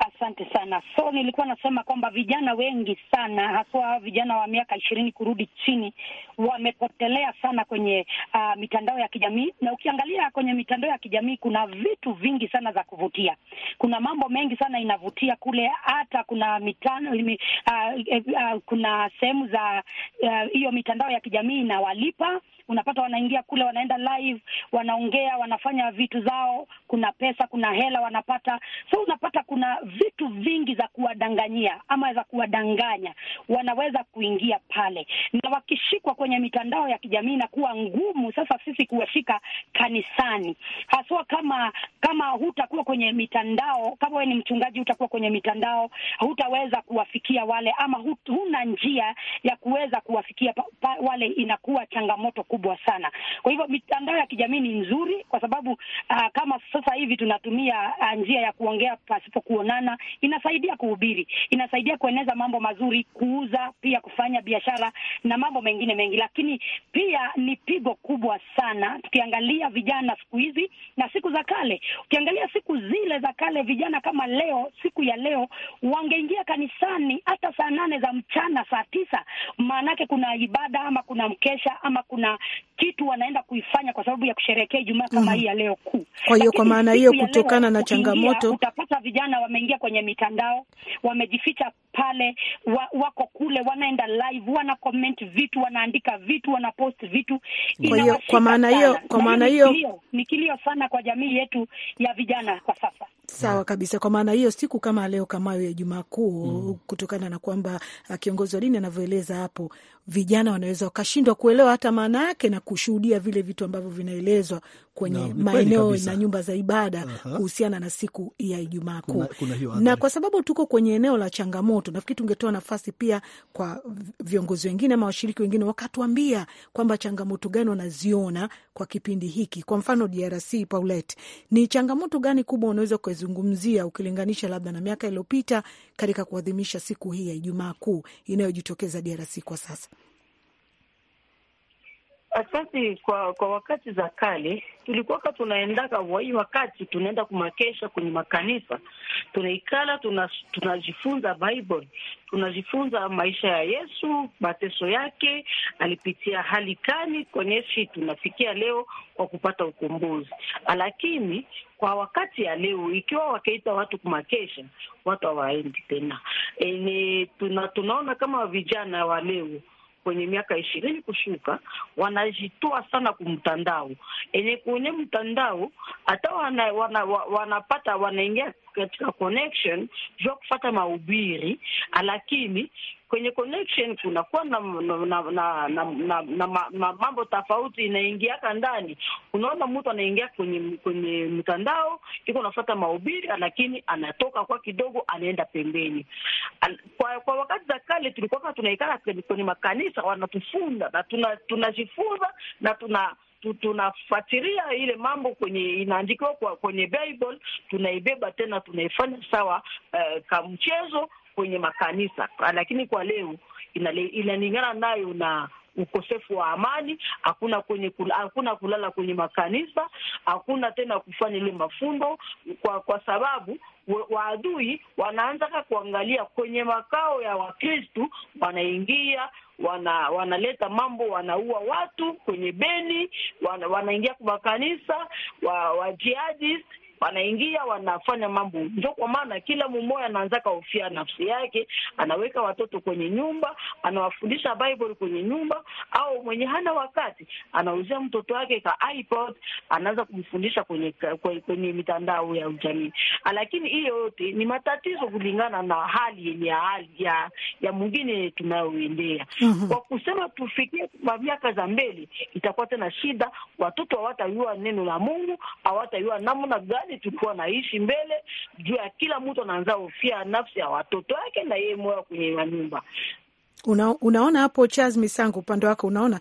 Asante sana. So nilikuwa nasema kwamba vijana wengi sana haswa vijana wa miaka ishirini kurudi chini wamepotelea sana kwenye uh, mitandao ya kijamii, na ukiangalia kwenye mitandao ya kijamii kuna vitu vingi sana za kuvutia, kuna mambo mengi sana inavutia kule, hata kuna mitano, uh, uh, uh, kuna sehemu za ah, hiyo uh, mitandao ya kijamii inawalipa unapata wanaingia kule, wanaenda live, wanaongea, wanafanya vitu zao, kuna pesa, kuna hela wanapata. So unapata kuna vitu vingi za kuwadanganyia ama za kuwadanganya, wanaweza kuingia pale, na wakishikwa kwenye mitandao ya kijamii inakuwa ngumu sasa sisi kuwashika kanisani, haswa kama kama hutakuwa kwenye mitandao. Kama wewe ni mchungaji, hutakuwa kwenye mitandao, hutaweza kuwafikia wale ama hut, huna njia ya kuweza kuwafikia pa, pa, wale, inakuwa changamoto kubwa kubwa sana. Kwa hivyo mitandao ya kijamii ni nzuri, kwa sababu uh, kama sasa hivi tunatumia ah, njia ya kuongea pasipokuonana, inasaidia kuhubiri, inasaidia kueneza mambo mazuri, kuuza pia, kufanya biashara na mambo mengine mengi, lakini pia ni pigo kubwa sana tukiangalia vijana siku hizi na siku za kale. Ukiangalia siku zile za kale, vijana kama leo, siku ya leo, wangeingia kanisani hata saa nane za mchana, saa tisa, maanake kuna ibada ama kuna mkesha ama kuna kitu wanaenda kuifanya kwa sababu ya kusherehekea Ijumaa kama mm -hmm. hii ya leo kuu. Kwa hiyo kwa maana hiyo, kutokana na changamoto, utapata vijana wameingia kwenye mitandao, wamejificha pale, wa, wako kule, wanaenda live, wana comment vitu, wanaandika vitu, wana post vitu. Kwa hiyo kwa maana hiyo, kwa maana hiyo ni kilio sana kwa jamii yetu ya vijana kwa sasa. Sawa kabisa. Kwa maana hiyo, siku kama leo kama ya Ijumaa Kuu mm. kutokana na kwamba ah, kiongozi wa dini anavyoeleza hapo vijana wanaweza wakashindwa kuelewa hata maana yake na kushuhudia vile vitu ambavyo vinaelezwa kwenye no, maeneo na nyumba za ibada kuhusiana na siku ya Ijumaa Kuu. Na kwa sababu tuko kwenye eneo la changamoto, nafikiri tungetoa nafasi pia kwa viongozi wengine ama washiriki wengine wakatuambia kwamba changamoto gani wanaziona kwa kipindi hiki. Kwa mfano DRC, Paulette, ni changamoto gani kubwa unaweza ukaizungumzia ukilinganisha labda na miaka iliyopita katika kuadhimisha siku hii ya Ijumaa Kuu inayojitokeza DRC kwa sasa? Asante. Kwa kwa wakati za kale tulikuwaka tunaendaka wai, wakati tunaenda kumakesha kwenye makanisa, tunaikala tunajifunza, tuna Bible, tunajifunza maisha ya Yesu, mateso yake, alipitia hali kani kwenyeshi tunafikia leo kwa kupata ukombozi. Lakini kwa wakati ya leo, ikiwa wakaita watu kumakesha, watu hawaendi tena. E, tuna, tunaona kama vijana wa leo kwenye miaka ishirini kushuka, wanajitoa sana kumtandao enye kwenye mtandao, hata wanapata wana, wana wanaingia katika connection jua kufata mahubiri, lakini kwenye connection kunakuwa na, na, na, na, na, na, na, na mambo tofauti inaingiaka ndani. Unaona, mtu anaingia kwenye kwenye mtandao iko nafata mahubiri, lakini anatoka kwa kidogo anaenda pembeni. Kwa, kwa wakati za kale tulikuwa tunaikana kwenye makanisa wanatufunda na tunajifunza na tuna tunafuatilia ile mambo kwenye inaandikiwa kwa kwenye Bible, tunaibeba tena tunaifanya sawa uh, eh, ka mchezo kwenye makanisa, lakini kwa leo inalingana nayo na ukosefu wa amani, hakuna kwenye kula, hakuna kulala kwenye makanisa, hakuna tena kufanya ile mafundo kwa, kwa sababu waadui wanaanza kuangalia kwenye makao ya Wakristu, wanaingia wana, wanaleta mambo, wanaua watu kwenye Beni, wana, wanaingia kwa makanisa wa, wa jihadist wanaingia wanafanya mambo njo, kwa maana kila mumoya anaanza kahofia nafsi yake, anaweka watoto kwenye nyumba, anawafundisha Bible kwenye nyumba, au mwenye hana wakati anauzia mtoto wake ka iPod, anaanza kumfundisha kwenye kwenye, kwenye mitandao ya ujamii. Lakini hiyo yote ni matatizo kulingana na hali yenye hali ya ya mwingine tunayoendea. mm -hmm. Kwa kusema tufikie kwa miaka za mbele itakuwa tena shida, watoto hawatajua neno la Mungu, hawatajua namna gani gani tulikuwa naishi mbele, juu ya kila mtu anaanza hofia nafsi ya watoto wake na yeye moyo kwenye manyumba. Una, unaona hapo Charles Misango, upande wako unaona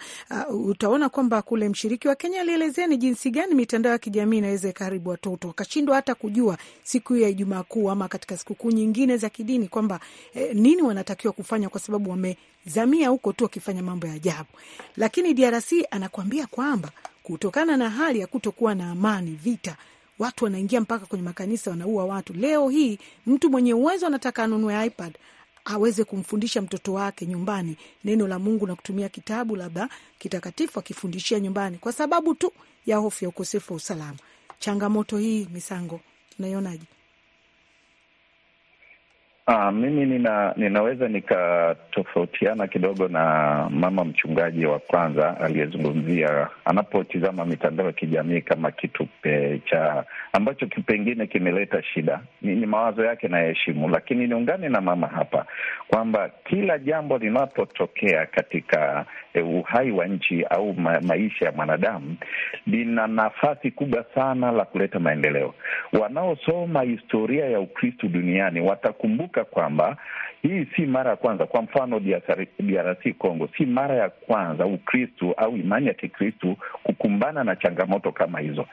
uh, utaona kwamba kule mshiriki wa Kenya alielezea ni jinsi gani mitandao ya kijamii inaweza ikaharibu watoto wakashindwa hata kujua siku ya Ijumaa Kuu ama katika sikukuu nyingine za kidini kwamba eh, nini wanatakiwa kufanya, kwa sababu wamezamia huko tu wakifanya mambo ya ajabu. Lakini DRC anakuambia kwamba kutokana na hali ya kutokuwa na amani, vita watu wanaingia mpaka kwenye makanisa wanaua watu. Leo hii mtu mwenye uwezo anataka anunue iPad aweze kumfundisha mtoto wake nyumbani neno la Mungu na kutumia kitabu labda kitakatifu akifundishia nyumbani, kwa sababu tu ya hofu ya ukosefu wa usalama. Changamoto hii Misango, unaionaje? Aa, ah, mimi nina, ninaweza nikatofautiana kidogo na mama mchungaji wa kwanza aliyezungumzia anapotizama mitandao ya kijamii kama kitu pe, cha ambacho pengine kimeleta shida. Ni, ni mawazo yake nayaheshimu, lakini niungane na mama hapa kwamba kila jambo linapotokea katika eh, uhai wa nchi au ma, maisha ya mwanadamu lina nafasi kubwa sana la kuleta maendeleo. Wanaosoma historia ya Ukristu duniani watakumbuka kumbuka kwamba hii si mara ya kwanza. Kwa mfano DRC Congo, si mara ya kwanza Ukristu au imani ya Kikristu kukumbana na changamoto kama hizo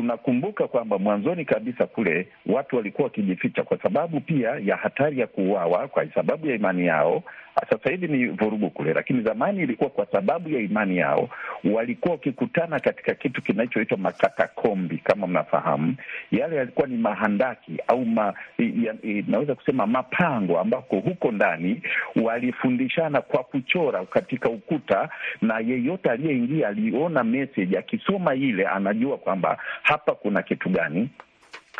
tunakumbuka kwamba mwanzoni kabisa kule watu walikuwa wakijificha kwa sababu pia ya hatari ya kuuawa kwa sababu ya imani yao. Sasa hivi ni vurugu kule, lakini zamani ilikuwa kwa sababu ya imani yao, walikuwa wakikutana katika kitu kinachoitwa makatakombi. Kama mnafahamu, yale yalikuwa ni mahandaki au ma, naweza kusema mapango, ambako huko ndani walifundishana kwa kuchora katika ukuta, na yeyote aliyeingia aliona message, akisoma ile anajua kwamba hapa kuna kitu gani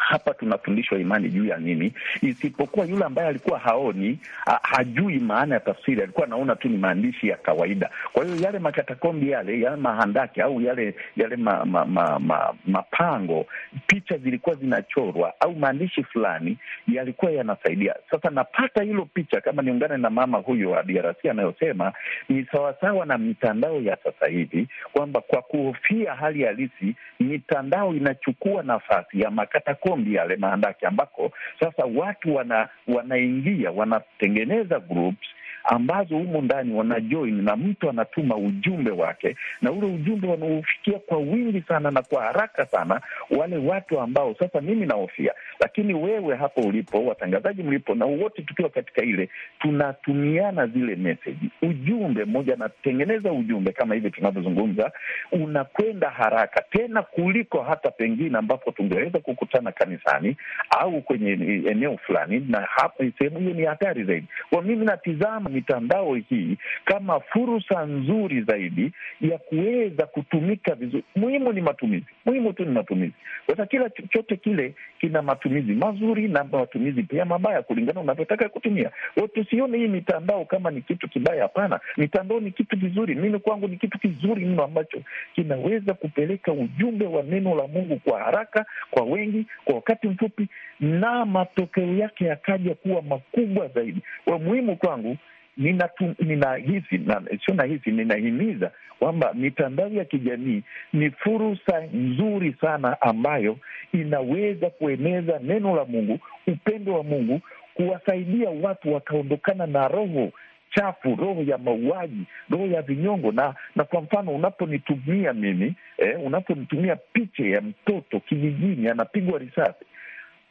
hapa tunafundishwa imani juu ya nini, isipokuwa yule ambaye alikuwa haoni, hajui maana ya tafsiri, alikuwa anaona tu ni maandishi ya kawaida. Kwa hiyo yale makatakombi yale, yale mahandaki au yale yale ma, ma, ma, ma, mapango, picha zilikuwa zinachorwa au maandishi fulani yalikuwa yanasaidia. Sasa napata hilo picha, kama niungane na mama huyo wa DRC anayosema ni sawasawa na mitandao ya sasa hivi, kwamba kwa kuhofia hali halisi mitandao inachukua nafasi ya makatakombi makombi yale mahandaki, ambako sasa watu wana, wanaingia wanatengeneza groups ambazo humo ndani wanajoin na mtu anatuma ujumbe wake, na ule ujumbe wanaofikia kwa wingi sana na kwa haraka sana wale watu ambao sasa mimi nahofia. Lakini wewe hapo ulipo, watangazaji mlipo, na wote tukiwa katika ile, tunatumiana zile meseji, ujumbe mmoja anatengeneza ujumbe kama hivi tunavyozungumza, unakwenda haraka tena kuliko hata pengine ambapo tungeweza kukutana kanisani au kwenye eneo fulani, na sehemu hiyo ni hatari zaidi. Kwa mimi natizama mitandao hii kama fursa nzuri zaidi ya kuweza kutumika vizuri. Muhimu ni matumizi, muhimu tu ni matumizi. Sasa kila chochote kile kina matumizi mazuri na matumizi pia mabaya, kulingana unavyotaka kutumia. Tusione hii mitandao kama ni kitu kibaya, hapana. Mitandao ni kitu kizuri, mimi kwangu ni kitu kizuri mno ambacho kinaweza kupeleka ujumbe wa neno la Mungu kwa haraka, kwa wengi, kwa wakati mfupi, na matokeo yake yakaja kuwa makubwa zaidi. Kwa muhimu kwangu ninahisi nina, sio nahisi ninahimiza kwamba mitandao ya kijamii ni fursa nzuri sana ambayo inaweza kueneza neno la Mungu, upendo wa Mungu, kuwasaidia watu wakaondokana na roho chafu, roho ya mauaji, roho ya vinyongo. Na na kwa mfano unaponitumia mimi eh, unaponitumia picha ya mtoto kijijini anapigwa risasi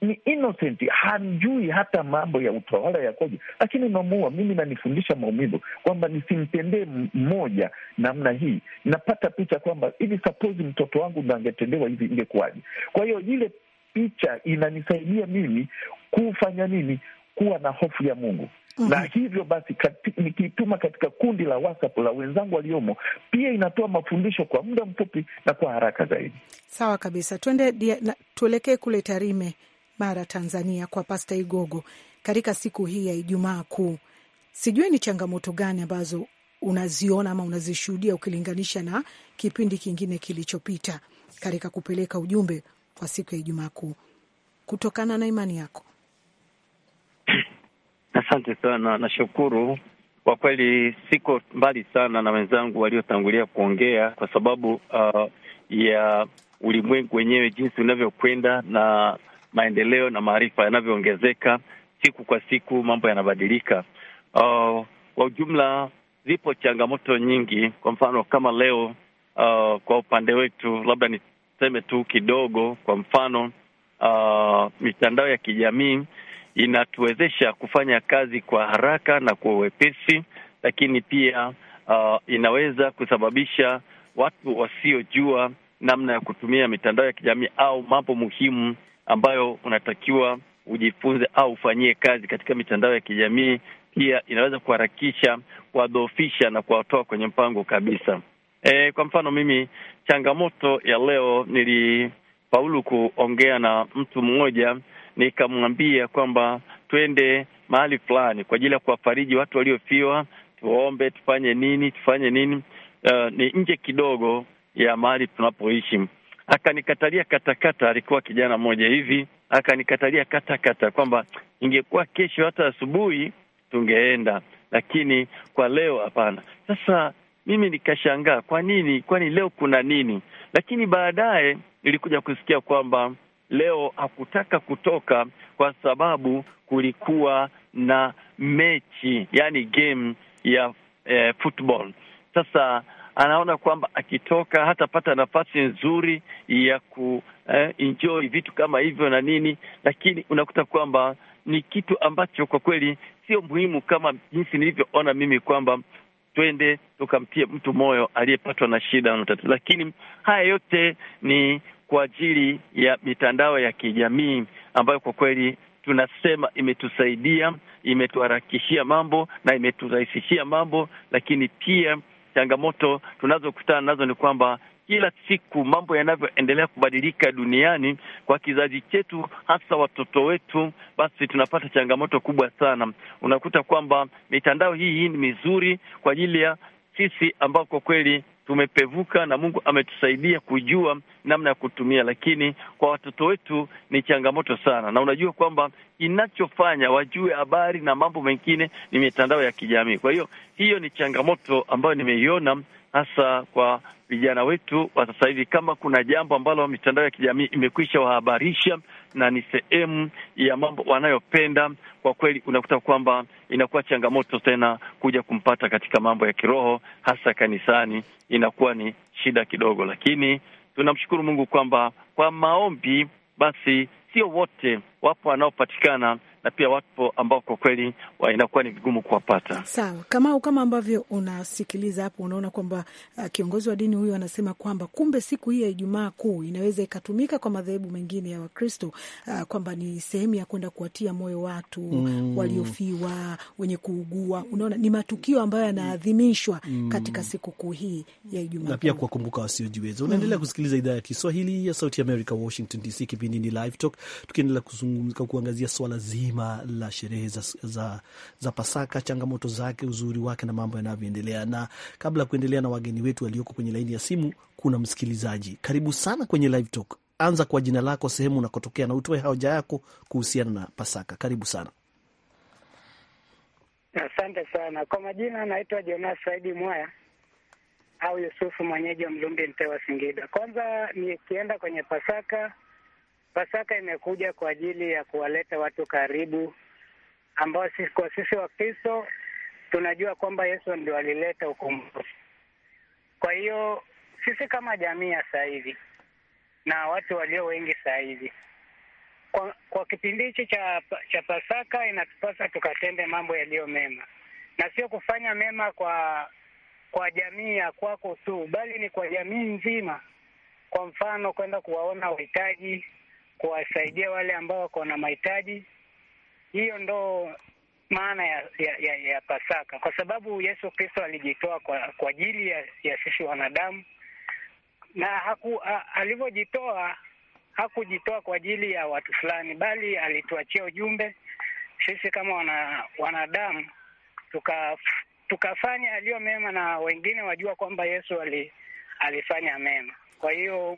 ni innocent, hamjui hata mambo ya utawala yakoje, lakini unamuua. Mimi nanifundisha maumivu kwamba nisimtendee mmoja namna hii. Napata picha kwamba hivi suppose mtoto wangu ndo angetendewa hivi ingekuwaje? Kwa hiyo ile picha inanisaidia mimi kufanya nini? Kuwa na hofu ya Mungu. Mm -hmm. Na hivyo basi kati, nikituma katika kundi la WhatsApp la wenzangu waliomo pia inatoa mafundisho kwa muda mfupi na kwa haraka zaidi. Sawa kabisa, tuende tuelekee kule Tarime bara Tanzania kwa Pasta Igogo katika siku hii ya Ijumaa Kuu. Sijui ni changamoto gani ambazo unaziona ama unazishuhudia ukilinganisha na kipindi kingine kilichopita katika kupeleka ujumbe kwa siku ya Ijumaa Kuu kutokana na imani yako? Asante sana, nashukuru kwa kweli. Siko mbali sana na wenzangu waliotangulia kuongea, kwa sababu uh, ya ulimwengu wenyewe jinsi unavyokwenda na maendeleo na maarifa yanavyoongezeka siku kwa siku, mambo yanabadilika. Uh, kwa ujumla zipo changamoto nyingi. Kwa mfano kama leo uh, kwa upande wetu labda niseme tu kidogo, kwa mfano uh, mitandao ya kijamii inatuwezesha kufanya kazi kwa haraka na kwa uwepesi, lakini pia uh, inaweza kusababisha watu wasiojua namna ya kutumia mitandao ya kijamii au mambo muhimu ambayo unatakiwa ujifunze au ufanyie kazi katika mitandao ya kijamii, pia inaweza kuharakisha, kuwadhoofisha na kuwatoa kwenye mpango kabisa. E, kwa mfano mimi changamoto ya leo nilifaulu kuongea na mtu mmoja, nikamwambia kwamba twende mahali fulani kwa ajili ya kuwafariji watu waliofiwa, tuombe, tufanye nini, tufanye nini. Uh, ni nje kidogo ya mahali tunapoishi Akanikatalia katakata, alikuwa kijana mmoja hivi, akanikatalia katakata kwamba ingekuwa kesho hata asubuhi tungeenda, lakini kwa leo hapana. Sasa mimi nikashangaa, kwa nini? Kwani leo kuna nini? Lakini baadaye nilikuja kusikia kwamba leo hakutaka kutoka kwa sababu kulikuwa na mechi, yani game ya eh, football. Sasa anaona kwamba akitoka hatapata nafasi nzuri ya ku eh, enjoy vitu kama hivyo na nini, lakini unakuta kwamba ni kitu ambacho kwa kweli sio muhimu kama jinsi nilivyoona mimi kwamba twende tukamtie mtu moyo aliyepatwa na shida na tatizo. Lakini haya yote ni kwa ajili ya mitandao ya kijamii ambayo kwa kweli tunasema imetusaidia, imetuharakishia mambo na imeturahisishia mambo, lakini pia changamoto tunazokutana nazo ni kwamba kila siku mambo yanavyoendelea kubadilika duniani kwa kizazi chetu, hasa watoto wetu, basi tunapata changamoto kubwa sana. Unakuta kwamba mitandao hii ni mizuri kwa ajili ya sisi ambao kwa kweli tumepevuka na Mungu ametusaidia kujua namna ya kutumia, lakini kwa watoto wetu ni changamoto sana. Na unajua kwamba kinachofanya wajue habari na mambo mengine ni mitandao ya kijamii. Kwa hiyo hiyo ni changamoto ambayo nimeiona hasa kwa vijana wetu wa sasa hivi. Kama kuna jambo ambalo mitandao ya kijamii imekwisha wahabarisha na ni sehemu ya mambo wanayopenda. Kwa kweli, unakuta kwamba inakuwa changamoto tena kuja kumpata katika mambo ya kiroho, hasa kanisani, inakuwa ni shida kidogo, lakini tunamshukuru Mungu kwamba kwa maombi basi, sio wote, wapo wanaopatikana na pia wapo ambao kwa kweli inakuwa ni vigumu kuwapata. Sawa, kama kama ambavyo unasikiliza hapo, unaona kwamba uh, kiongozi wa dini huyu anasema kwamba kumbe siku hii ya Ijumaa Kuu inaweza ikatumika kwa madhehebu mengine ya Wakristo uh, kwamba ni sehemu ya kwenda kuwatia moyo watu mm. waliofiwa, wenye kuugua. Unaona, ni matukio ambayo yanaadhimishwa mm. katika siku kuu hii ya Ijumaa na pia kuwakumbuka wasiojiweza. Unaendelea mm. kusikiliza idhaa ya Kiswahili ya Sauti ya Amerika, Washington DC. Kipindi ni Live Talk, tukiendelea kuzungumza kuangazia swala zima zima la sherehe za, za, za Pasaka, changamoto zake, uzuri wake na mambo yanavyoendelea. Na kabla ya kuendelea na wageni wetu walioko kwenye laini ya simu, kuna msikilizaji. Karibu sana kwenye Live Talk. Anza kwa jina lako, sehemu unakotokea na utoe hoja yako kuhusiana na Pasaka. Karibu sana. Asante sana kwa majina, naitwa Jonas Saidi Mwaya au Yusufu, mwenyeji wa Mlumbi Mtewa, Singida. Kwanza nikienda kwenye Pasaka Pasaka imekuja kwa ajili ya kuwaleta watu karibu, ambao sisi kwa sisi Wakristo tunajua kwamba Yesu ndio alileta ukombozi. Kwa hiyo sisi kama jamii ya sasa hivi na watu walio wengi sasa hivi kwa, kwa kipindi hichi cha, cha Pasaka inatupasa tukatende mambo yaliyo mema na sio kufanya mema kwa kwa jamii ya kwako tu, bali ni kwa jamii nzima. Kwa mfano, kwenda kuwaona wahitaji, kuwasaidia wale ambao wako na mahitaji. Hiyo ndo maana ya, ya, ya, ya Pasaka, kwa sababu Yesu Kristo alijitoa kwa, kwa ajili ya, ya sisi wanadamu na haku, alivyojitoa hakujitoa kwa ajili ya watu fulani, bali alituachia ujumbe sisi kama wana, wanadamu tuka, tukafanya aliyo mema na wengine wajua kwamba Yesu ali, alifanya mema. Kwa hiyo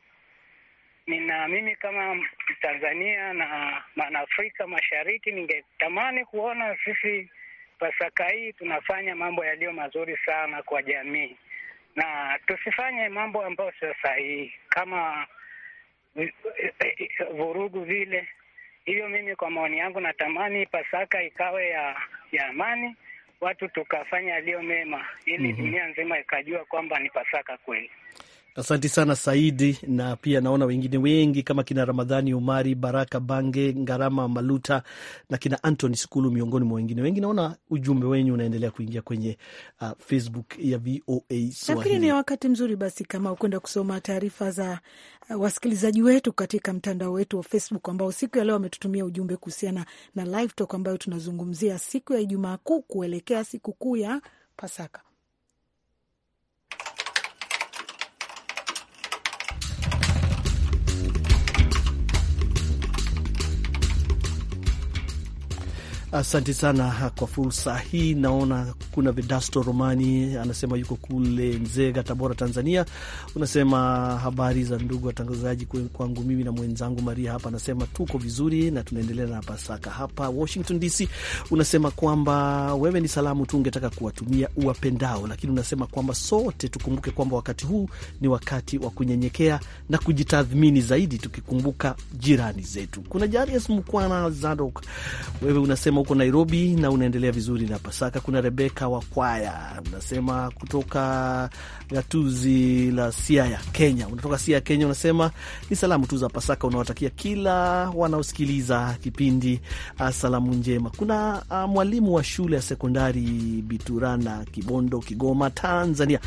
nina mimi kama Tanzania na, na Afrika Mashariki. Ningetamani kuona sisi Pasaka hii tunafanya mambo yaliyo mazuri sana kwa jamii, na tusifanye mambo ambayo sio sahihi kama vurugu vile. Hivyo mimi kwa maoni yangu natamani Pasaka ikawe ya ya amani, watu tukafanya yaliyo mema, ili mhm. dunia mm -hmm. nzima ikajua kwamba ni Pasaka kweli. Asanti sana Saidi, na pia naona wengine wengi kama kina Ramadhani Umari, Baraka Bange, Ngarama Maluta na kina Antony Skulu, miongoni mwa wengine wengi. Naona ujumbe wenyu unaendelea kuingia kwenye uh, Facebook ya VOA Swahili. Ni wakati mzuri basi kama ukwenda kusoma taarifa za uh, wasikilizaji wetu katika mtandao wetu wa Facebook ambao siku ya leo wametutumia ujumbe kuhusiana na live talk ambayo tunazungumzia siku ya Ijumaa Kuu kuelekea siku kuu ya Pasaka. Asante sana kwa fursa hii. Naona kuna Vedasto Romani anasema yuko kule Nzega, Tabora, Tanzania. Unasema habari za ndugu watangazaji, kwangu mimi na mwenzangu Maria hapa anasema tuko vizuri na tunaendelea na Pasaka hapa Washington DC. Unasema kwamba wewe ni salamu tu ungetaka kuwatumia uwapendao, lakini unasema kwamba sote tukumbuke kwamba wakati huu ni wakati wa kunyenyekea na kujitathmini zaidi, tukikumbuka jirani zetu. Kuna Jarius Mkwana Zadok, wewe unasema unasema huko Nairobi na unaendelea vizuri na Pasaka. Kuna Rebeka wa kwaya unasema kutoka gatuzi la Siaya, Kenya. Unatoka Siaya, Kenya, unasema ni salamu tu za Pasaka unawatakia kila wanaosikiliza kipindi ah, salamu njema. Kuna uh, mwalimu wa shule ya sekondari Biturana, Kibondo, Kigoma, Tanzania.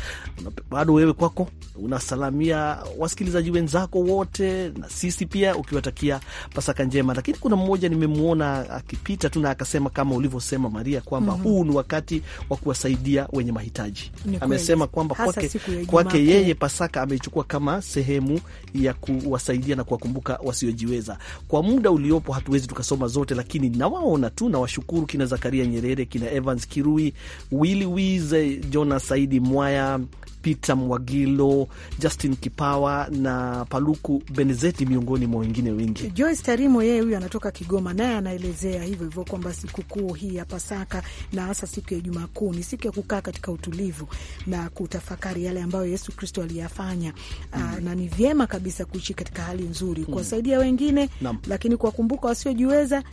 Bado wewe kwako unasalamia wasikilizaji wenzako wote na sisi pia, ukiwatakia Pasaka njema. Lakini kuna mmoja nimemwona akipita tu na akasema kama ulivyosema Maria kwamba mm -hmm. huu ni wakati wa kuwasaidia wenye mahitaji. Amesema kwamba kwake kwake yeye Pasaka ameichukua kama sehemu ya kuwasaidia na kuwakumbuka wasiojiweza. Kwa muda uliopo hatuwezi tukasoma zote, lakini nawaona tu na washukuru kina Zakaria Nyerere, kina Evans Kirui, Willy Wize, Jonas Saidi Mwaya Peter Mwagilo, Justin Kipawa na Paluku Benezeti, miongoni mwa wengine wengi. Joyce Tarimo, yeye huyu anatoka Kigoma, naye anaelezea hivyo hivyo kwamba sikukuu hii ya Pasaka na hasa siku ya Ijumaa Kuu ni siku ya kukaa katika utulivu na kutafakari yale ambayo Yesu Kristo aliyafanya. mm Na ni vyema kabisa kuishi katika hali nzuri, mm-hmm. kuwasaidia wengine, mm lakini kuwakumbuka wasiojiweza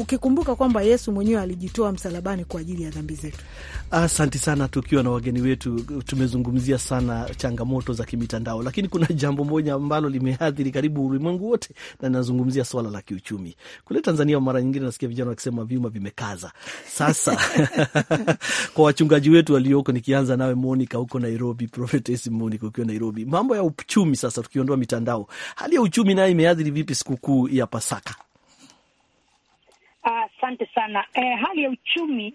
ukikumbuka kwamba Yesu mwenyewe alijitoa msalabani kwa ajili ya dhambi zetu. Asante sana. Tukiwa na wageni wetu, tumezungumzia sana changamoto za kimitandao, lakini kuna jambo moja ambalo limeathiri karibu ulimwengu wote, na nazungumzia swala la kiuchumi kule Tanzania. Mara nyingine nasikia vijana wakisema vyuma vimekaza. Sasa kwa wachungaji wetu walioko, nikianza nawe Monica huko Nairobi, Prophetess Monica ukiwa Nairobi, mambo ya uchumi sasa, tukiondoa mitandao, hali ya uchumi nayo imeathiri vipi sikukuu ya Pasaka? Asante uh, sana. Eh, hali ya uchumi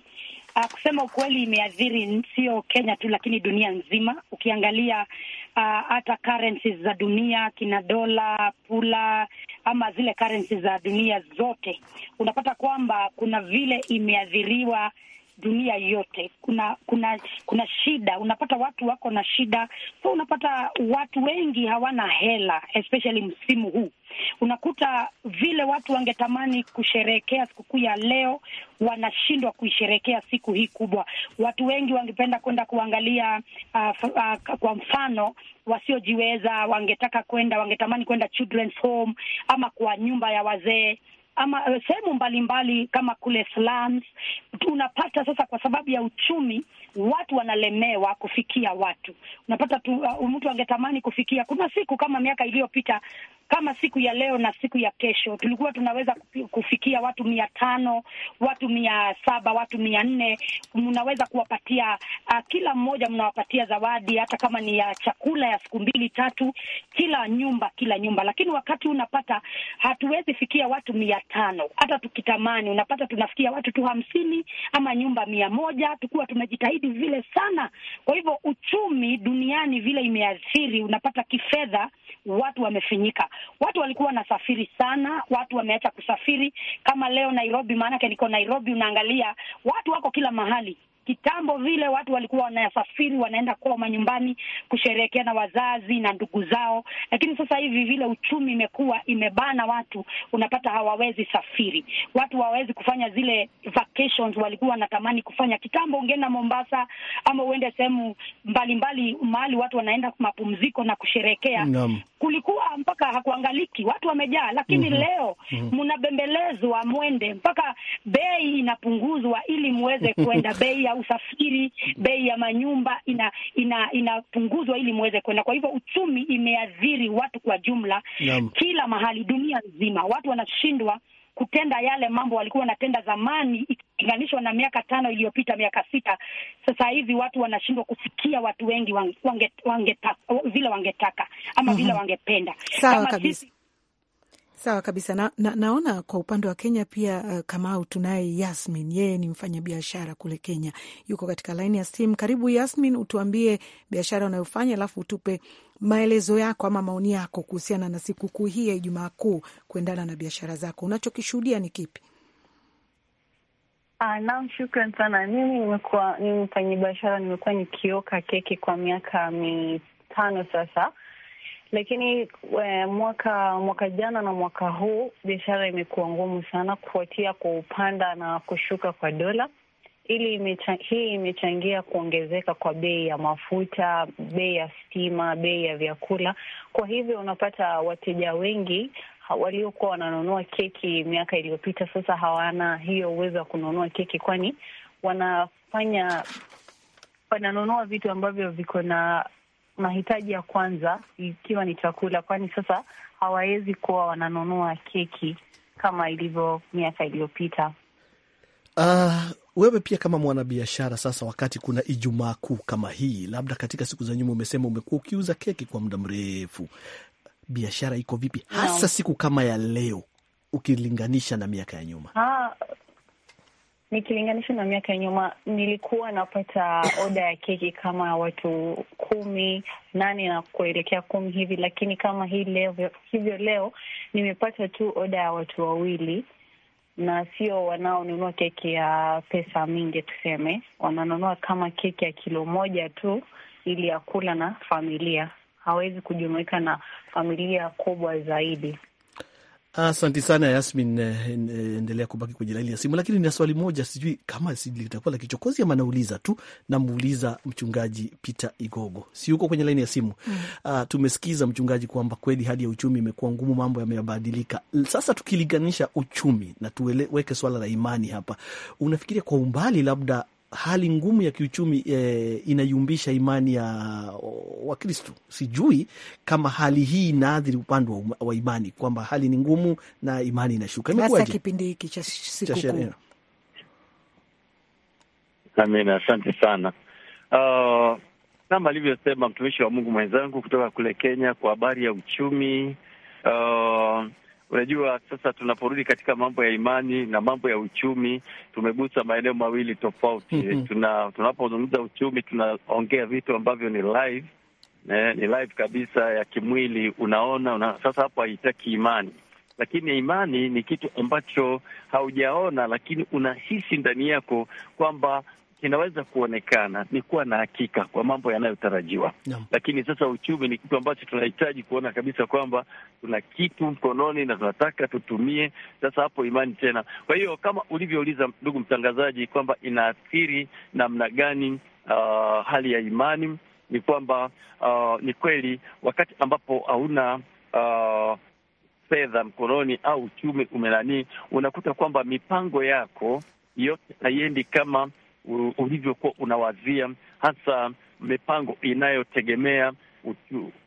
uh, kusema ukweli imeathiri sio Kenya tu, lakini dunia nzima. Ukiangalia ah, hata uh, currencies za dunia kina dola, pula ama zile currencies za dunia zote, unapata kwamba kuna vile imeathiriwa dunia yote kuna kuna kuna shida. Unapata watu wako na shida, so unapata watu wengi hawana hela, especially msimu huu. Unakuta vile watu wangetamani kusherehekea sikukuu ya leo wanashindwa kuisherehekea siku hii kubwa. Watu wengi wangependa kwenda kuangalia uh, uh, kwa mfano wasiojiweza wangetaka kwenda, wangetamani kwenda children's home ama kwa nyumba ya wazee ama eh, sehemu mbalimbali kama kule slums, unapata sasa, kwa sababu ya uchumi, watu wanalemewa kufikia watu. Unapata tu, uh, mtu angetamani kufikia. Kuna siku kama miaka iliyopita kama siku ya leo na siku ya kesho tulikuwa tunaweza kufikia watu mia tano, watu mia saba, watu mia nne. Mnaweza kuwapatia uh, kila mmoja mnawapatia zawadi hata kama ni ya chakula ya siku mbili tatu, kila nyumba, kila nyumba. Lakini wakati unapata hatuwezi fikia watu mia tano hata tukitamani, unapata tunafikia watu tu hamsini ama nyumba mia moja, tukuwa tumejitahidi vile sana. Kwa hivyo uchumi duniani vile imeathiri, unapata kifedha watu wamefinyika watu walikuwa wanasafiri sana, watu wameacha kusafiri kama leo Nairobi. Maanake niko Nairobi, unaangalia watu wako kila mahali. Kitambo vile watu walikuwa wanasafiri wanaenda kwao manyumbani kusherehekea na wazazi na ndugu zao, lakini sasa hivi vile uchumi imekuwa imebana watu, unapata hawawezi safiri, watu hawawezi kufanya zile vacations walikuwa wanatamani kufanya kitambo. Ungeenda Mombasa ama uende sehemu mbalimbali mahali watu wanaenda mapumziko na kusherehekea, kulikuwa mpaka hakuangaliki, watu wamejaa, lakini mm -hmm. leo mnabembelezwa mhm. mm -hmm. mwende, mpaka bei inapunguzwa ili muweze kwenda bei ya usafiri, bei ya manyumba ina inapunguzwa ina ili muweze kwenda. Kwa hivyo uchumi imeathiri watu kwa jumla, yeah. kila mahali dunia nzima, watu wanashindwa kutenda yale mambo walikuwa wanatenda zamani, ikilinganishwa na miaka tano iliyopita, miaka sita. Sasa hivi watu wanashindwa kufikia watu wengi wange, wange, wange, vile wangetaka ama vile mhm. wangependa. Sawa kabisa na, na, naona kwa upande wa Kenya pia uh, Kamau tunaye Yasmin, yeye ni mfanyabiashara kule Kenya, yuko katika laini ya simu. Karibu Yasmin, utuambie biashara unayofanya alafu utupe maelezo yako ama maoni yako kuhusiana na sikukuu hii ya Ijumaa Kuu kuendana na biashara zako, unachokishuhudia ni kipi? Ah, naam, shukran sana. Mimi nimekuwa mfanyabiashara, nimekuwa nikioka keki kwa miaka mitano sasa lakini eh, mwaka mwaka jana na mwaka huu biashara imekuwa ngumu sana kufuatia kwa upanda na kushuka kwa dola. Ili imecha, hii imechangia kuongezeka kwa bei ya mafuta, bei ya stima, bei ya vyakula. Kwa hivyo unapata wateja wengi waliokuwa wananunua keki miaka iliyopita sasa hawana hiyo uwezo wa kununua keki, kwani wanafanya wananunua vitu ambavyo viko na mahitaji ya kwanza ikiwa ni chakula, kwani sasa hawawezi kuwa wananunua keki kama ilivyo miaka iliyopita. Uh, wewe pia kama mwanabiashara sasa, wakati kuna Ijumaa Kuu kama hii, labda katika siku za nyuma, umesema umekuwa ukiuza keki kwa muda mrefu, biashara iko vipi hasa no. siku kama ya leo ukilinganisha na miaka ya nyuma? Ha, ah, nikilinganisha na miaka ya nyuma, nilikuwa napata oda ya keki kama watu kumi nane na kuelekea kumi hivi, lakini kama hii leo hivyo leo nimepata tu oda ya watu wawili, na sio wanaonunua keki ya pesa mingi, tuseme wananunua kama keki ya kilo moja tu ili ya kula na familia, hawezi kujumuika na familia kubwa zaidi asanti sana Yasmin, eh, eh, endelea kubaki kwenye laini ya simu, lakini nina swali moja, sijui kama litakuwa la kichokozi ama nauliza tu, namuuliza mchungaji Peter Igogo, si yuko kwenye laini ya simu mm. Uh, tumesikiza mchungaji kwamba kweli hali ya uchumi imekuwa ngumu, mambo yamebadilika. Sasa tukilinganisha uchumi na tuweke swala la imani hapa, unafikiria kwa umbali labda hali ngumu ya kiuchumi eh, inayumbisha imani ya Wakristo. Sijui kama hali hii inaathiri upande wa, wa imani kwamba hali ni ngumu na imani inashuka. Imekuwaje kipindi hiki cha sikukuu? Amina, asante sana uh, kama alivyosema mtumishi wa Mungu mwenzangu kutoka kule Kenya kwa habari ya uchumi uh, Unajua, sasa tunaporudi katika mambo ya imani na mambo ya uchumi, tumegusa maeneo mawili tofauti. mm -hmm. Tuna, tunapozungumza uchumi tunaongea vitu ambavyo ni live ne, ni live kabisa ya kimwili, unaona una, sasa hapo haitaki imani, lakini imani ni kitu ambacho haujaona, lakini unahisi ndani yako kwamba inaweza kuonekana ni kuwa na hakika kwa mambo yanayotarajiwa no. Lakini sasa uchumi ni kitu ambacho tunahitaji kuona kabisa kwamba tuna kitu mkononi na tunataka tutumie, sasa hapo imani tena. Kwa hiyo kama ulivyouliza ndugu mtangazaji, kwamba inaathiri namna gani uh, hali ya imani, ni kwamba uh, ni kweli wakati ambapo hauna uh, fedha mkononi au uchumi umenanii, unakuta kwamba mipango yako yote haiendi kama ulivyokuwa unawazia, hasa mipango inayotegemea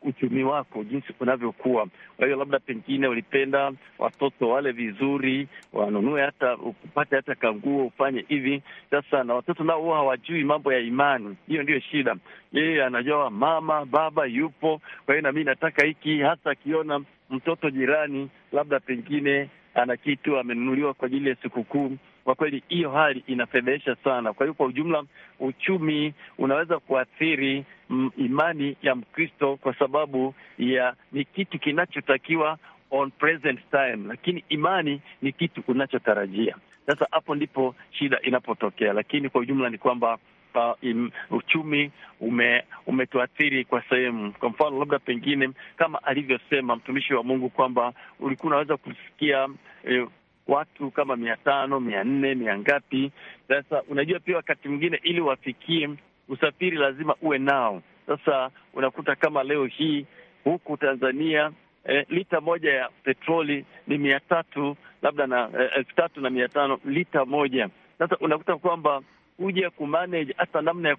uchumi wako jinsi unavyokuwa. Kwa hiyo labda pengine walipenda watoto wale vizuri, wanunue hata upate hata kanguo ufanye hivi. Sasa na watoto nao huwa hawajui mambo ya imani, hiyo ndiyo shida. Yeye anajua mama baba yupo, kwa hiyo nami nataka hiki, hasa akiona mtoto jirani labda pengine ana kitu amenunuliwa kwa ajili ya sikukuu kwa kweli hiyo hali inafedhesha sana. Kwa hiyo kwa ujumla, uchumi unaweza kuathiri mm, imani ya Mkristo kwa sababu ya ni kitu kinachotakiwa on present time, lakini imani ni kitu unachotarajia. Sasa hapo ndipo shida inapotokea, lakini kwa ujumla ni kwamba Uh, im, uchumi ume, umetuathiri kwa sehemu. Kwa mfano labda pengine kama alivyosema mtumishi wa Mungu kwamba ulikuwa unaweza kusikia eh, watu kama mia tano mia nne mia ngapi. Sasa unajua pia wakati mwingine ili wafikie usafiri lazima uwe nao. Sasa unakuta kama leo hii huku Tanzania eh, lita moja ya petroli ni mia tatu labda na eh, elfu eh, tatu na mia tano lita moja. Sasa unakuta kwamba kuja kumanage hata namna ya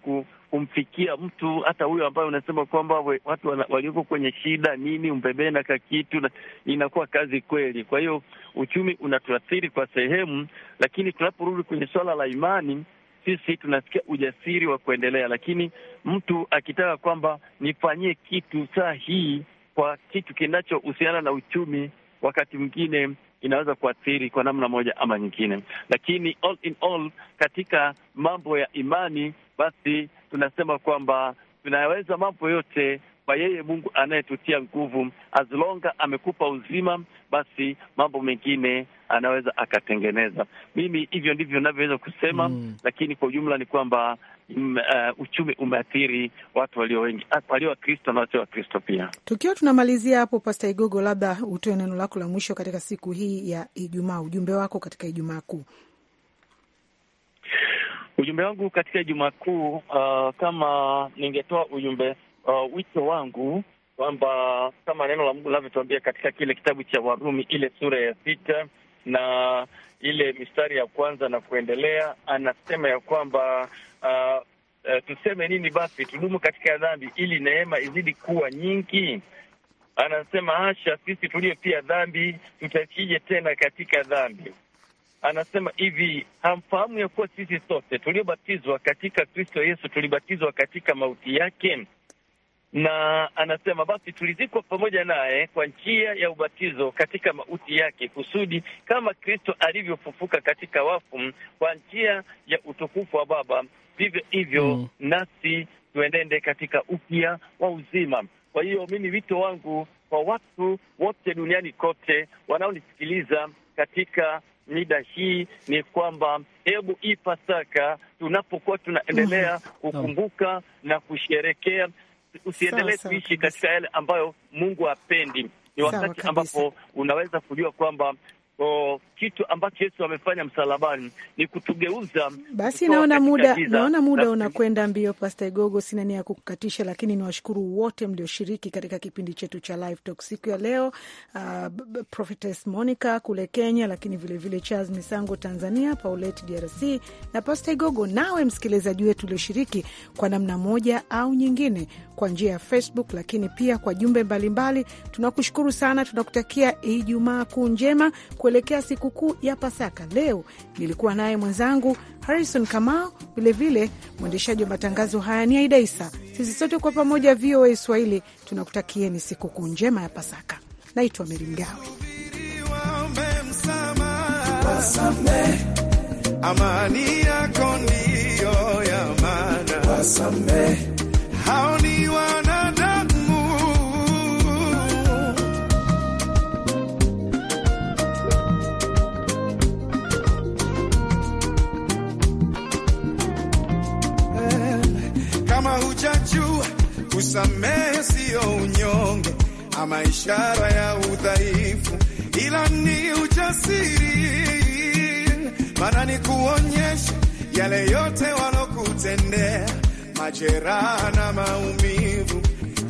kumfikia mtu hata huyo ambaye unasema kwamba watu walioko kwenye shida nini umbebee na kakitu na, inakuwa kazi kweli. Kwa hiyo uchumi unatuathiri kwa sehemu, lakini tunaporudi kwenye suala la imani sisi tunasikia ujasiri wa kuendelea, lakini mtu akitaka kwamba nifanyie kitu saa hii kwa kitu kinachohusiana na uchumi, wakati mwingine inaweza kuathiri kwa namna moja ama nyingine, lakini all in all, katika mambo ya imani, basi tunasema kwamba tunaweza mambo yote kwa yeye Mungu anayetutia nguvu. Azilonga amekupa uzima, basi mambo mengine anaweza akatengeneza. Mimi hivyo ndivyo navyoweza kusema mm. Lakini kwa ujumla ni kwamba uh, uchumi umeathiri watu walio wengi, ah, walio Wakristo na wasio Wakristo pia. Tukiwa tunamalizia hapo, Pasta Igogo, labda utoe neno lako la mwisho katika siku hii ya Ijumaa, ujumbe wako katika Ijumaa Kuu. Ujumbe wangu katika Ijumaa Kuu, uh, kama ningetoa ujumbe uh, wito wangu kwamba kama neno la Mungu linavyotuambia katika kile kitabu cha Warumi ile sura ya sita na ile mistari ya kwanza na kuendelea, anasema ya kwamba uh, uh, tuseme nini basi, tudumu katika dhambi ili neema izidi kuwa nyingi? Anasema hasha, sisi pia dhambi tutaishije tena katika dhambi? Anasema hivi, hamfahamu ya kuwa sisi sote tuliobatizwa katika Kristo Yesu tulibatizwa katika mauti yake? na anasema basi tulizikwa pamoja naye kwa njia ya ubatizo katika mauti yake, kusudi kama Kristo alivyofufuka katika wafu kwa njia ya utukufu wa Baba, vivyo hivyo mm, nasi tuendende katika upya wa uzima. Kwa hiyo mimi wito wangu kwa watu wote duniani kote wanaonisikiliza katika mida hii ni kwamba hebu hii Pasaka tunapokuwa tunaendelea mm. kukumbuka na kusherekea usiendelee kuishi katika yale ambayo Mungu hapendi. Ni wakati ambapo unaweza kujua kwamba O, kitu ambacho Yesu amefanya msalabani ni kutugeuza. Basi naona muda naona muda unakwenda mbio, Pasta Igogo, sina nia ya kukukatisha, lakini niwashukuru wote mlioshiriki katika kipindi chetu cha Live Talk siku ya leo, uh, Prophetess Monica kule Kenya, lakini vilevile vile Charles Misango Tanzania, Paulette DRC na Pasta Igogo, nawe msikilizaji wetu ulioshiriki kwa namna moja au nyingine kwa njia ya Facebook, lakini pia kwa jumbe mbalimbali. Tunakushukuru sana, tunakutakia Ijumaa kuu njema kuelekea sikukuu ya Pasaka. Leo nilikuwa naye mwenzangu Harrison Kamau, vilevile mwendeshaji wa matangazo haya ni Aida Isa. Sisi sote kwa pamoja VOA Swahili tunakutakieni sikukuu njema ya Pasaka. Naitwa Meri Mgawe. cha juu. Kusamehe siyo unyonge ama ishara ya udhaifu, ila ni ujasiri, maana ni kuonyesha yale yote walokutendea. Majeraha na maumivu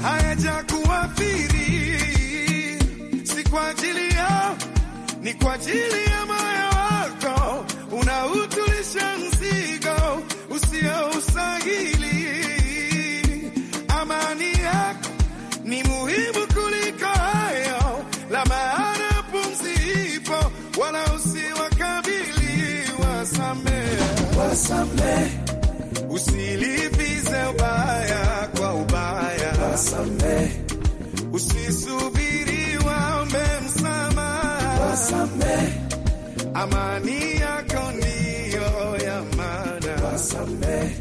hayajakuathiri, si kwa ajili yao, ni kwa ajili ya moyo wako unautulisha mzigo usio usahili amani yako ni muhimu kuliko hayo, la maana pumzi ipo, wala usiwakabili wasamehe, wasamehe, usilipize ubaya kwa ubaya, wasamehe, usisubiri waombe msamaha, wasamehe, amani yako ndiyo ya maana, wasamehe